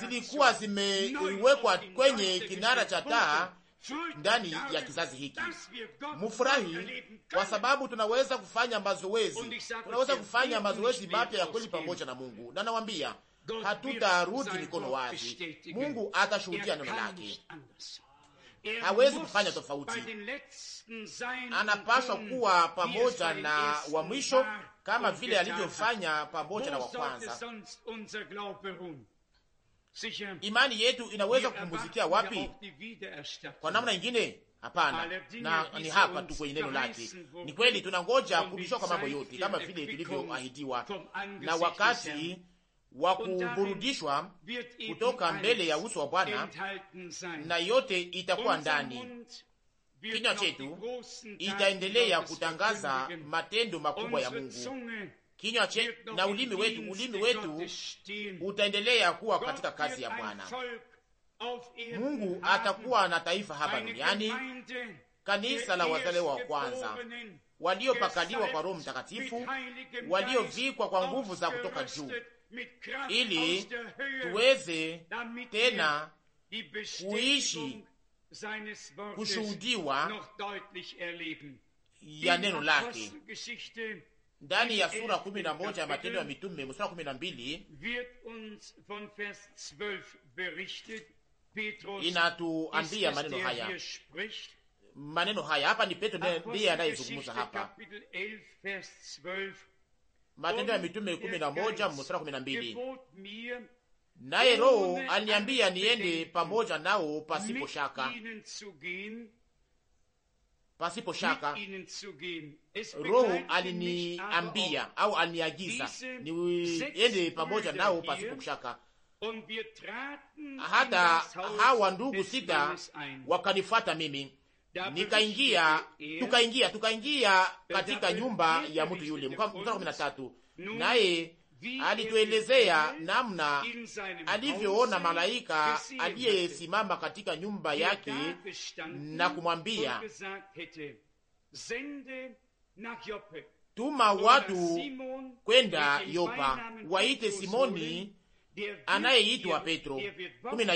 zilikuwa zimewekwa kwenye kinara cha taa ndani ya kizazi hiki. Mfurahi kwa sababu tunaweza kufanya mazoezi, tunaweza kufanya mazoezi mapya ya kweli pamoja na Mungu, na nawambia hatutarudi mikono wazi. Mungu atashuhudia neno lake hawezi kufanya tofauti. Anapaswa kuwa pamoja na wa mwisho kama vile alivyofanya pamoja na wa kwanza. Imani yetu inaweza kupumzikia wapi? Kwa namna ingine Hapana, na ni hapa tu kwenye neno lake. Ni kweli tunangoja kurudishwa kwa mambo yote kama vile tulivyoahidiwa na wakati wa kuburudishwa kutoka mbele ya uso wa Bwana, na yote itakuwa ndani. Kinywa chetu itaendelea kutangaza matendo makubwa ya Mungu. Kinywa chetu na ulimi wetu, ulimi wetu utaendelea kuwa katika kazi ya Bwana. Mungu atakuwa na taifa hapa duniani, kanisa la wazalewa wa kwanza waliopakaliwa kwa Roho Mtakatifu, waliovikwa kwa nguvu za kutoka juu, ili tuweze tena kuishi kushuhudiwa ya neno lake ndani ya sura kumi na moja ya Matendo ya Mitume sura kumi na mbili inatuambia maneno haya maneno haya hapa ni Petro ndiye anayezungumza hapa Matendo ya Mitume kumi na moja mstari kumi na mbili. Naye Roho aliniambia niende pamoja nao pasipo shaka, pasipo shaka. Roho aliniambia au aliniagiza niende pamoja nao pasipo shaka. Hata hawa ndugu sita wakanifuata mimi nikaingia tukaingia tukaingia katika nyumba ya mtu yule. Mstari kumi na tatu, naye alituelezea namna alivyoona malaika aliyesimama katika nyumba yake na kumwambia, tuma watu kwenda Yopa waite Simoni anayeitwa Petro. kumi na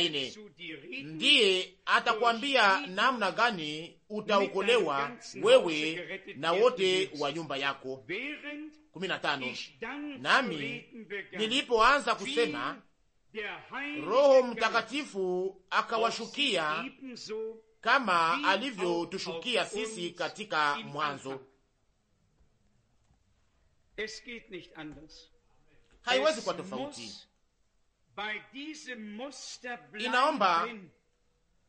ndiye atakwambia namna gani utaokolewa wewe na wote wa nyumba yako. kumi na tano nami nilipoanza kusema Roho Mtakatifu akawashukia kama alivyotushukia sisi katika mwanzo. Haiwezi kwa tofauti inaomba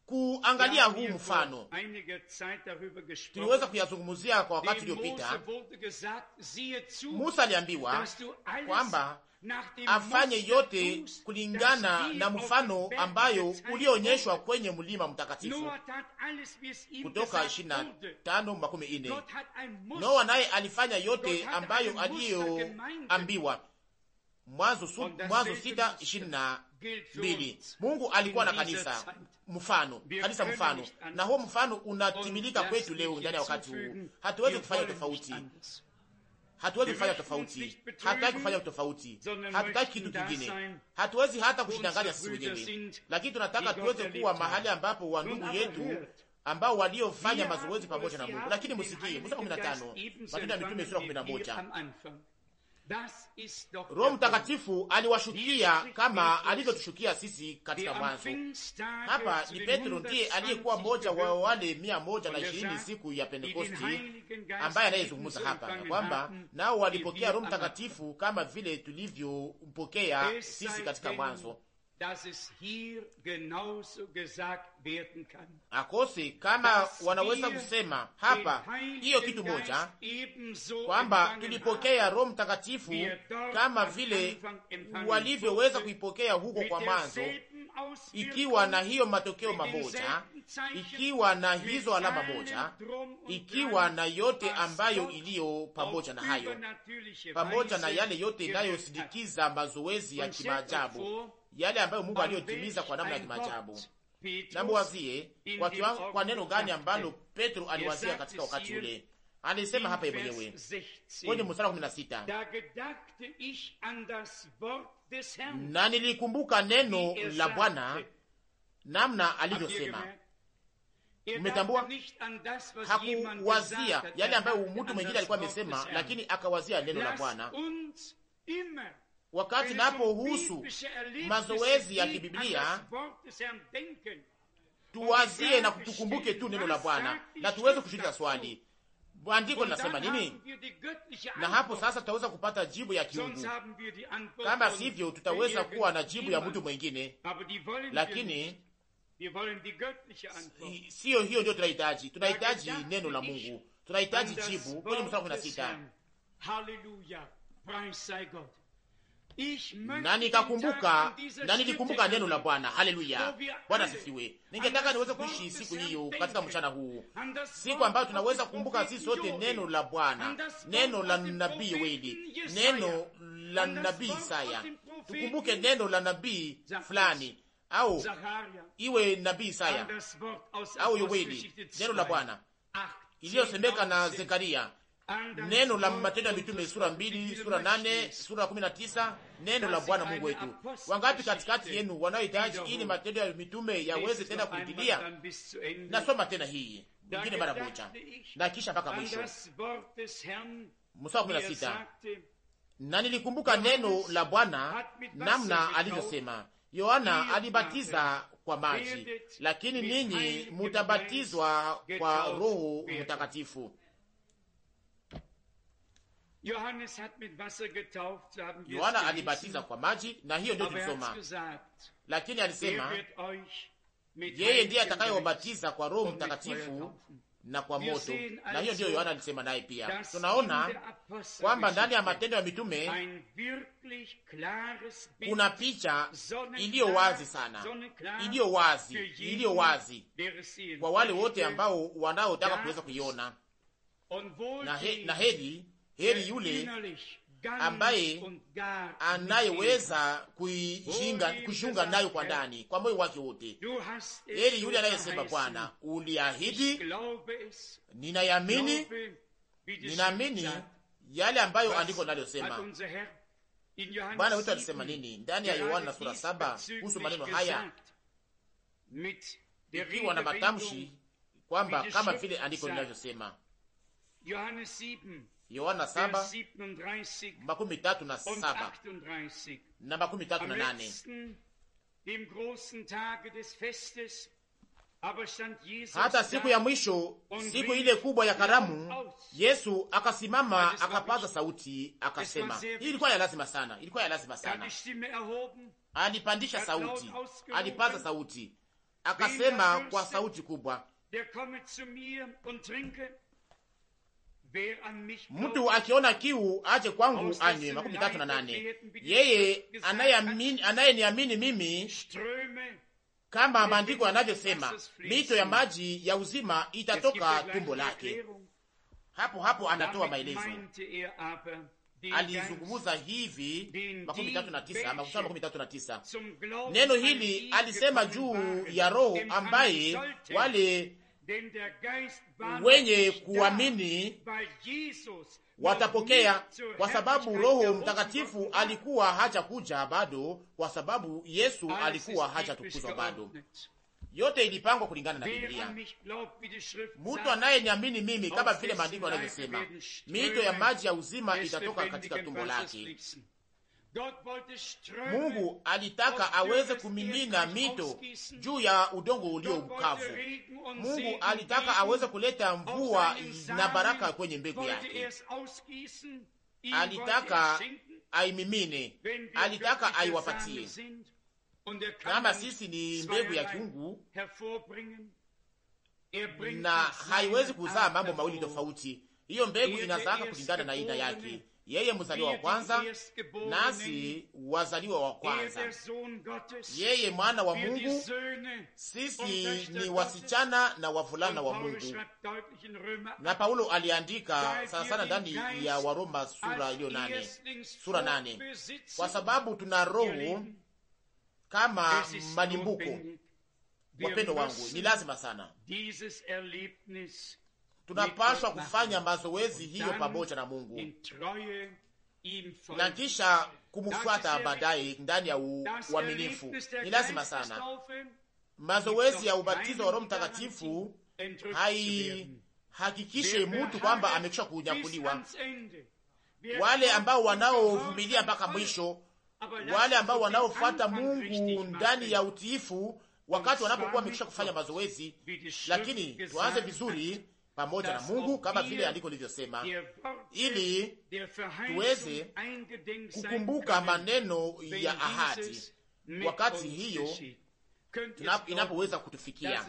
kuangalia huu mfano. Tuliweza kuyazungumzia kwa wakati uliopita. Musa aliambiwa kwamba afanye yote kulingana na mfano ambayo ulionyeshwa kwenye mlima mtakatifu, Kutoka 25:14. Noa naye alifanya yote ambayo aliyoambiwa. Mwanzo Mwanzo sita ishirini na mbili. Mungu alikuwa na kanisa mfano, kanisa mfano, na huo mfano unatimilika kwetu leo ndani ya wakati huu. Hatuwezi kufanya tofauti, hatuwezi kufanya tofauti, hatutaki kufanya tofauti, hatutaki kitu kingine, hatuwezi hata kushidanganya sisi wenyewe, lakini tunataka tuweze kuwa mahali ambapo wandugu yetu ambao waliofanya mazoezi pamoja na Mungu. Lakini msikie kumi na tano Matendo ya Mitume sura kumi na moja Roho Mtakatifu aliwashukia kama alivyotushukia sisi katika mwanzo. Hapa ni Petro ndiye aliyekuwa mmoja wa wale mia moja na ishirini siku ya Pentekosti, ambaye anayezungumza hapa na kwamba nao walipokea Roho Mtakatifu kama vile tulivyompokea sisi katika mwanzo akosi kama wanaweza kusema hapa hiyo kitu moja kwamba tulipokea Roho Mtakatifu kama vile walivyoweza kuipokea huko kwa mwanzo, ikiwa na hiyo matokeo mamoja, ikiwa na hizo alama moja, ikiwa na yote ambayo iliyo pamoja na hayo, pamoja na yale yote inayosindikiza mazoezi ya kimaajabu yale ambayo Mungu aliyotimiza kwa namna ya kimaajabu. Na muwazie kwa, kwa neno gani ambalo Petro aliwazia katika wakati ule. Alisema hapa yeye mwenyewe kwenye mstari wa 16, na nilikumbuka neno la Bwana namna alivyosema. Umetambua, hakuwazia yale ambayo mtu mwingine alikuwa amesema, lakini akawazia neno la Bwana wakati napohusu mazoezi ya kibiblia er tuwazie na tukumbuke tu er, neno la Bwana na tuweze kushirika swali, andiko linasema nini? Na hapo sasa tutaweza kupata jibu ya kiungu. Kama sivyo, tutaweza kuwa na jibu ya mtu mwingine, lakini siyo hiyo ndio tunahitaji. Tunahitaji neno la Mungu, tunahitaji jibu kwenye mstari wa kumi na sita na nikakumbuka na nilikumbuka neno la Bwana. Haleluya, Bwana sifiwe. Ningetaka niweze kuishi siku hiyo katika mchana huu, siku ambayo tunaweza kukumbuka sisi sote neno la Bwana, neno la nabii Weli, neno la nabii Isaya. Tukumbuke neno la nabii fulani au iwe nabii Isaya au Yoweli, neno la Bwana iliyosemeka na Zekaria neno la Matendo ya Mitume sura mbili sura nane sura kumi na tisa neno la Bwana Mungu wetu. Wangapi katikati yenu wanaohitaji ili Matendo ya Mitume yaweze tena kurudilia? Nasoma tena hii ingine mara moja na kisha mpaka mwisho mstari kumi na sita na nilikumbuka neno la Bwana namna alivyosema, Yohana alibatiza kwa maji, lakini ninyi mutabatizwa kwa Roho Mtakatifu. Yohana alibatiza kwa maji, na hiyo ndio er tulisoma, lakini alisema yeye ndiye atakayewabatiza kwa Roho Mtakatifu um na kwa moto, na hiyo ndiyo Yohana alisema naye pia. Tunaona kwamba ndani ya Matendo ya Mitume kuna picha iliyo wazi sana, iliyo wazi, iliyo wazi kwa wale wote ambao wanaotaka kuweza kuiona na, he, na heli heri yule ambaye anayeweza kujiunga nayo kwa ndani kwa moyo wake wote. Heri yule anayesema, Bwana, uliahidi, ninayamini, ninaamini yale ambayo andiko nalosema. Bwana wetu alisema nini ndani ya Yohana sura saba kuhusu maneno haya, ikiwa na matamshi kwamba kama vile andiko linavyosema. Yohana saba makumi tatu na saba na makumi tatu na nane hata siku ya mwisho, siku ile kubwa ya karamu, Yesu akasimama akapaza sauti akasema. Hii ilikuwa ya lazima sana, ilikuwa ya lazima er sana. Alipandisha sauti, alipaza sauti akasema kwa sauti kubwa mtu akiona kiu aje kwangu anywe. makumi tatu na nane. Yeye anayeniamini mimi, kama maandiko yanavyosema, mito ya maji ya uzima itatoka tumbo lake. Hapo hapo anatoa maelezo er alizungumza hivi makumi tatu na tisa, makumi tatu na tisa. Neno hili alisema juu ya Roho ambaye wale wenye kuamini watapokea, kwa sababu Roho Mtakatifu alikuwa hajakuja bado, kwa sababu Yesu alikuwa hajatukuzwa bado. Yote ilipangwa kulingana na Biblia. Mtu anayeniamini mimi, kama vile maandiko yanavyosema, mito ya maji ya uzima itatoka katika tumbo lake. Mungu alitaka aweze kumimina mito juu ya udongo ulio mkavu. Mungu alitaka aweze kuleta mvua na baraka kwenye mbegu yake, alitaka er aimimine, alitaka aiwapatie. Er Kama sisi ni mbegu ya kiungu er na haiwezi kuzaa mambo mawili tofauti, hiyo mbegu inazaaka kulingana na aina yake yeye mzaliwa wa kwanza, nasi wazaliwa wa kwanza, yeye mwana wa Mungu, sisi ni wasichana na wavulana wa Mungu. Na Paulo aliandika sana sana ndani ya Waroma sura iliyo nane, sura nane, kwa sababu tuna roho kama malimbuko. Wapendo wangu, ni lazima sana tunapaswa kufanya mazoezi hiyo pamoja na Mungu na kisha kumfuata baadaye ndani ya uaminifu. Ni lazima sana mazoezi ya ubatizo wa Roho Mtakatifu haihakikishe mtu kwamba amekwisha kunyakuliwa. Wale ambao wanaovumilia mpaka mwisho, wale ambao wanaofuata Mungu ndani ya utiifu, wakati wanapokuwa wamekwisha kufanya mazoezi. Lakini tuanze vizuri pamoja na Mungu kama vile andiko lilivyosema, ili tuweze kukumbuka maneno ya ahadi wakati hiyo inapoweza kutufikia.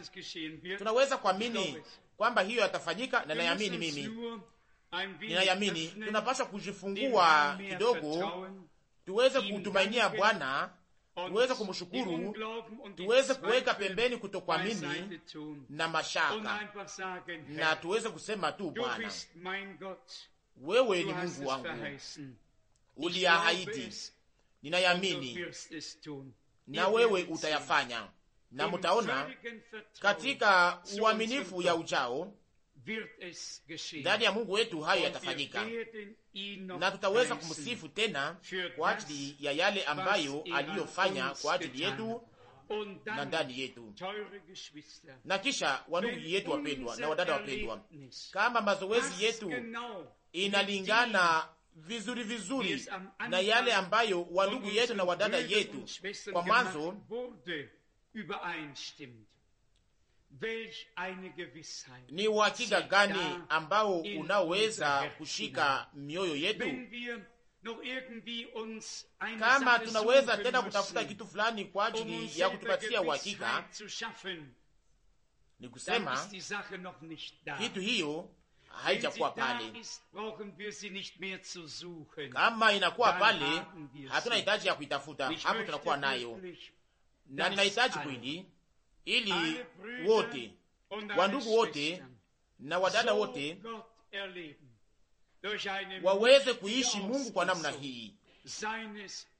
Tunaweza kuamini kwamba hiyo yatafanyika, na nayamini mimi, ninayamini. Tunapaswa kujifungua kidogo, tuweze kutumainia Bwana tuweze kumshukuru, tuweze kuweka pembeni kutokwamini na mashaka, na tuweze kusema tu, Bwana, wewe ni Mungu wangu, uliyaahidi, ninayamini na wewe utayafanya, na mutaona katika uaminifu ya ujao ndani ya Mungu wetu hayo yatafanyika, na tutaweza kumsifu tena kwa ajili ya yale ambayo er aliyofanya kwa ajili yetu na ndani yetu. Na kisha wandugu yetu wapendwa na wadada wapendwa, kama mazoezi yetu inalingana vizuri vizuri na yale ambayo wandugu yetu na wadada yetu kwa mwanzo ni uhakika gani ambao unaweza kushika mioyo yetu? Kama tunaweza tena kutafuta kitu fulani kwa ajili um ya kutupatia uhakika, ni kusema kitu hiyo haijakuwa pale. Kama inakuwa pale, hatuna hitaji ya kuitafuta, hapo tunakuwa nayo, na ninahitaji kweli ili wote wandugu wote na wadada wote waweze kuishi Mungu kwa namna hii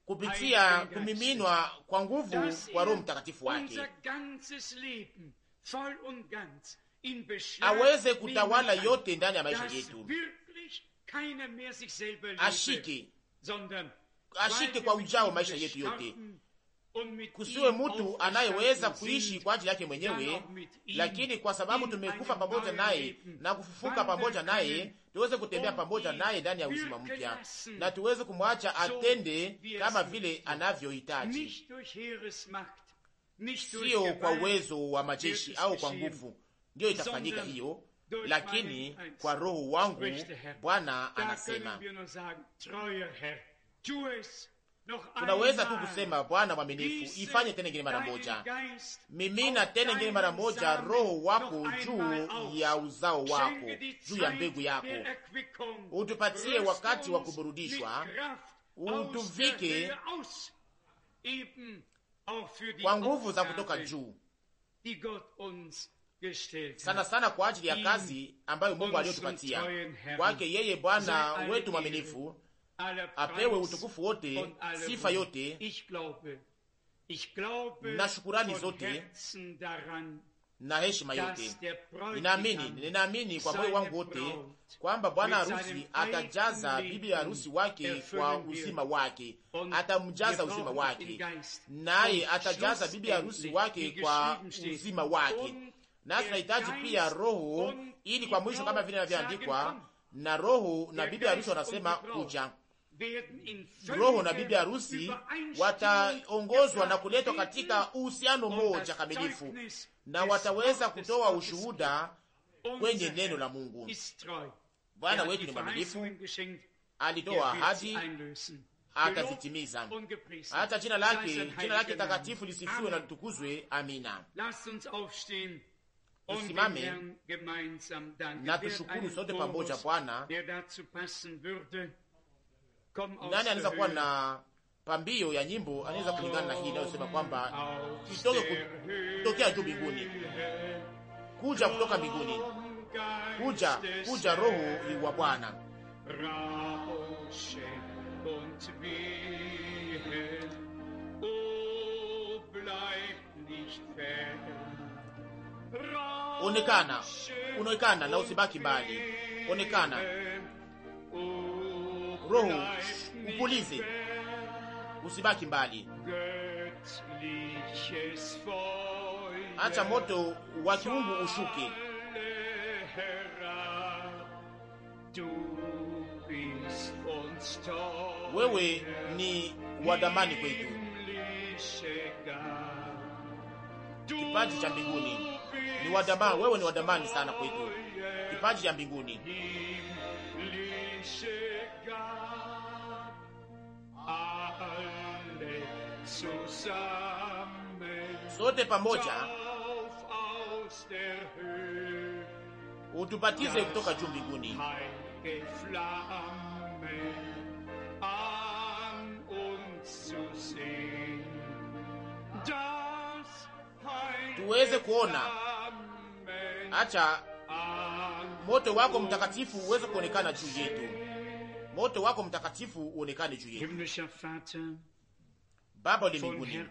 kupitia kumiminwa kwa nguvu kwa Roho er Mtakatifu wake aweze kutawala yote ndani ya maisha yetu, ashike ashike kwa ujao maisha yetu yote, kusiwe mtu anayeweza kuishi kwa ajili yake mwenyewe, lakini kwa sababu tumekufa pamoja naye na kufufuka pamoja naye, tuweze kutembea pamoja naye ndani ya uzima mpya, na tuweze kumwacha atende kama vile anavyohitaji, sio kwa uwezo wa majeshi au kwa nguvu. Ndiyo itafanyika hiyo, lakini kwa Roho wangu, Bwana anasema tunaweza tu kusema Bwana mwaminifu, ifanye tena ingine mara moja, mimina tena ingine mara moja Roho wako juu ya uzao wako, juu ya mbegu yako, utupatie wakati wa kuburudishwa, utuvike kwa nguvu za kutoka juu, sana sana kwa ajili ya kazi ambayo Mungu aliyotupatia kwake yeye Bwana wetu mwaminifu apewe utukufu wote, sifa yote na shukurani zote na heshima yote. Ninaamini, ninaamini kwa moyo wangu wote kwamba bwana harusi atajaza bibi harusi wake kwa uzima wake, atamjaza uzima wake, naye atajaza bibi harusi wake kwa uzima wake. Nasi tunahitaji pia Roho ili kwa mwisho, kama vile inavyoandikwa, na Roho na bibi harusi wanasema kuja roho na bibi harusi wataongozwa na kuletwa katika uhusiano moja kamilifu, na wataweza kutoa ushuhuda kwenye neno la Mungu. Bwana wetu ni mwaminifu, alitoa ahadi atazitimiza. Hata jina lake jina lake takatifu lisifiwe na litukuzwe. Amina. Tusimame na tushukuru sote pamoja Bwana nani anaweza kuwa na pambio ya nyimbo anaweza kulingana na hii inayosema kwamba kutoka kutokea juu mbinguni, kuja kutoka mbinguni, kuja kuja Roho wa Bwana onekana, unaonekana na usibaki mbali, onekana Roho upulize, usibaki mbali. Acha moto wa kiungu ushuke. Wewe ni wa damani kwetu, kipaji cha mbinguni ni wadama, wewe ni wadamani sana kwetu, kipaji cha mbinguni sote pamoja utubatize kutoka juu mbinguni tuweze kuona, acha moto wako mtakatifu uweze kuonekana juu yetu, moto wako mtakatifu uonekane juu yetu. Baba uliye mbinguni,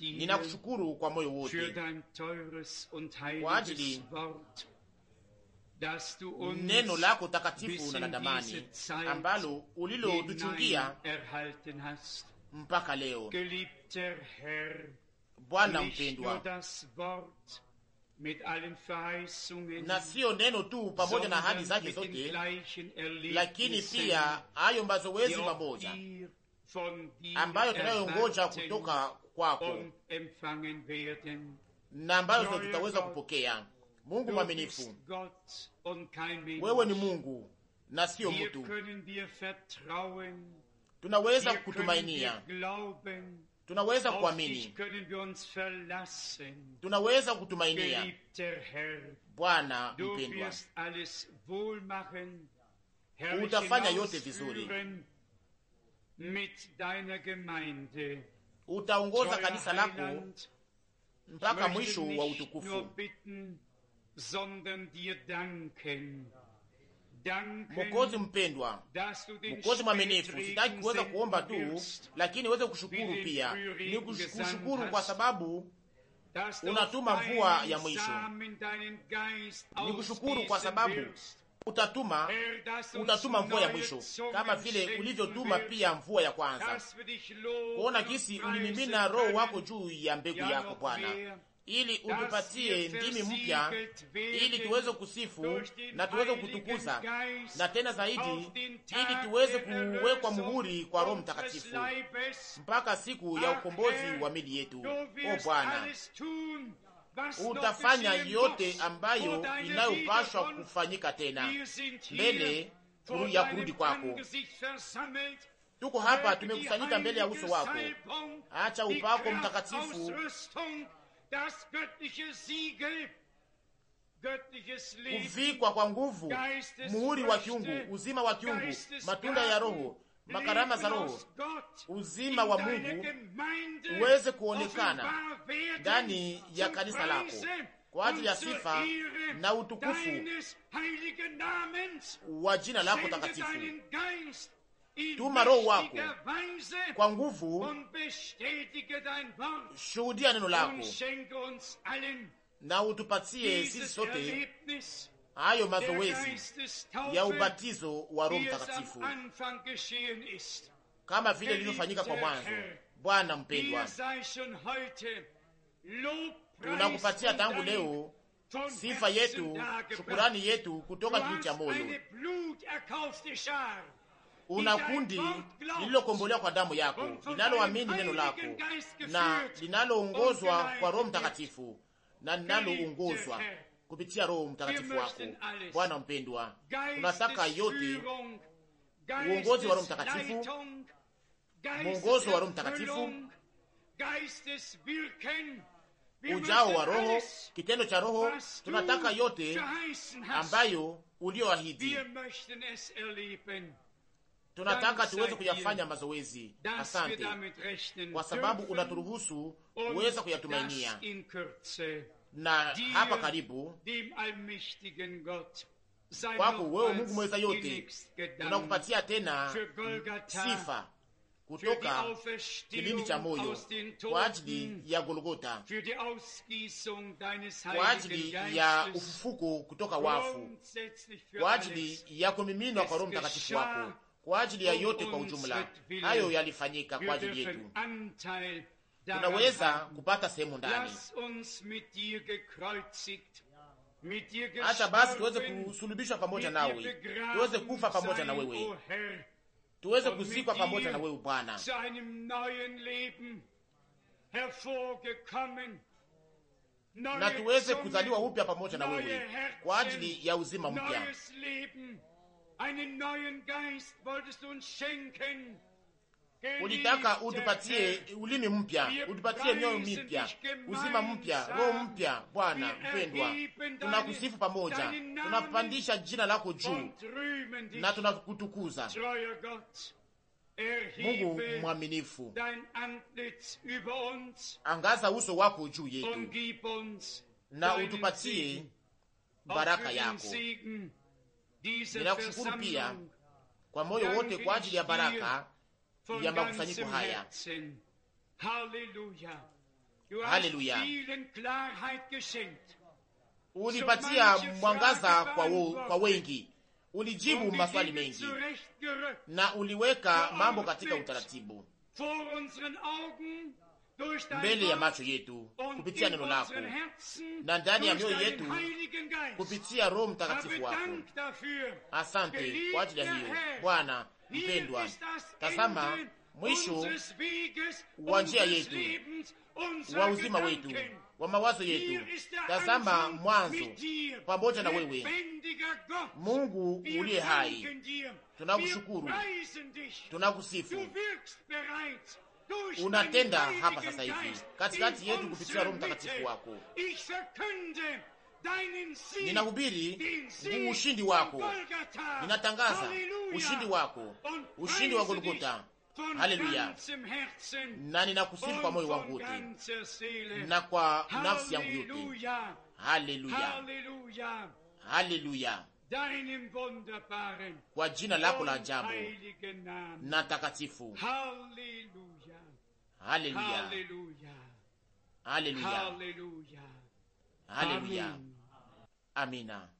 ninakushukuru kwa moyo wote kwa ajili neno lako takatifu na nadamani ambalo ulilotuchungia mpaka leo. Bwana mpendwa, na siyo neno tu pamoja na ahadi zake zote, lakini pia hayo wezi pamoja ambayo tunayongoja kutoka kwako na ambayo tutaweza kupokea. Mungu mwaminifu, wewe ni Mungu na sio mtu. Tunaweza kutumainia, tunaweza kuamini, tunaweza kutumainia Bwana mpendwa, utafanya yote vizuri utaongoza kanisa lako mpaka mwisho wa utukufu. Mokozi mpendwa, Mokozi mwaminifu, sitaki kuweza kuomba tu, lakini uweze kushukuru pia. Ni kushukuru kwa sababu unatuma mvua ya mwisho. Ni kushukuru kwa sababu utatuma, utatuma mvua ya mwisho kama vile ulivyotuma pia mvua ya kwanza. Kuona kisi ulimimina Roho wako juu ya mbegu yako Bwana, ili utupatie ndimi mpya, ili tuweze kusifu na tuweze kutukuza, na tena zaidi, ili tuweze kuwekwa muhuri kwa Roho Mtakatifu mpaka siku ya ukombozi wa mili yetu. O Bwana, utafanya yote ambayo inayopashwa kufanyika tena mbele ya kurudi kwako. Tuko hapa tumekusanyika mbele ya uso wako. Acha upako mtakatifu kuvikwa kwa nguvu, muhuri wa kiungu, uzima wa kiungu, matunda ya Roho, makarama za Roho, uzima wa Mungu uweze kuonekana ndani ya kanisa lako kwa ajili ya sifa na utukufu wa jina lako takatifu. Tuma Roho wako kwa nguvu, shuhudia neno lako na utupatie sisi sote hayo mazoezi ya ubatizo wa Roho Mtakatifu kama vile lilivyofanyika kwa mwanzo. Bwana mpendwa, tunakupatia tangu leo sifa yetu, shukurani yetu kutoka kiu cha moyo. Una kundi lililokombolewa kwa damu yako, linaloamini neno lako na linaloongozwa kwa Roho Mtakatifu na linaloongozwa kupitia Roho Mtakatifu wako. Bwana mpendwa, tunataka yote, uongozi wa Roho Mtakatifu, mwongozo wa Roho Mtakatifu, ujao wa Roho, kitendo cha Roho, tunataka yote ambayo ulioahidi e tunataka tuweze kuyafanya mazoezi. Asante kwa sababu unaturuhusu kuweza kuyatumainia na hapa karibu kwako wewe Mungu mweza yote, tunakupatia tena sifa kutoka kilindi cha moyo kwa ajili ya Golgota, kwa ajili ya ufufuko kutoka wafu, kwa ajili ya kumiminwa kwa Roho Mtakatifu wako, kwa ajili ya um yote kwa ujumla. Hayo yalifanyika kwa ajili yetu tunaweza kupata sehemu ndani. hata basi tuweze kusulubishwa pamoja nawe, tuweze kufa pamoja na wewe, tuweze kuzikwa pamoja na wewe Bwana, na tuweze kuzaliwa upya pamoja na wewe kwa ajili ya uzima mpya ulitaka utupatie ulimi mpya, utupatie mioyo mipya, uzima mpya, roho mpya. Bwana e mpendwa, tunakusifu pamoja, tunapandisha jina lako juu na tunakutukuza. Er Mungu mwaminifu, angaza uso wako juu yetu na utupatie baraka yako. Ninakushukuru pia kwa moyo wote kwa ajili ya baraka ya makusanyiko haya. Haleluya! Ulipatia mwangaza kwa, wo, kwa wengi, ulijibu maswali mengi na uliweka mambo katika utaratibu mbele ya macho yetu kupitia neno lako na ndani ya mioyo yetu kupitia Roho Mtakatifu wako. Asante kwa ajili ya hiyo Bwana mpendwa. Tazama mwisho wa njia yetu, wa uzima wetu, wa mawazo yetu. Tazama mwanzo pamoja na wewe, Mungu uliye hai. Tunakushukuru, tunakusifu unatenda hapa sasa hivi katikati yetu kupitia Roho Mtakatifu wako. Ninahubiri ushindi wako, ninatangaza ushindi wako, ushindi wa Golgota. Haleluya! Na ninakusifu kwa moyo wangu wote na kwa nafsi yangu yote. Haleluya, haleluya! Kwa jina lako la ajabu na takatifu. Haleluya. Haleluya, haleluya, haleluya, amina.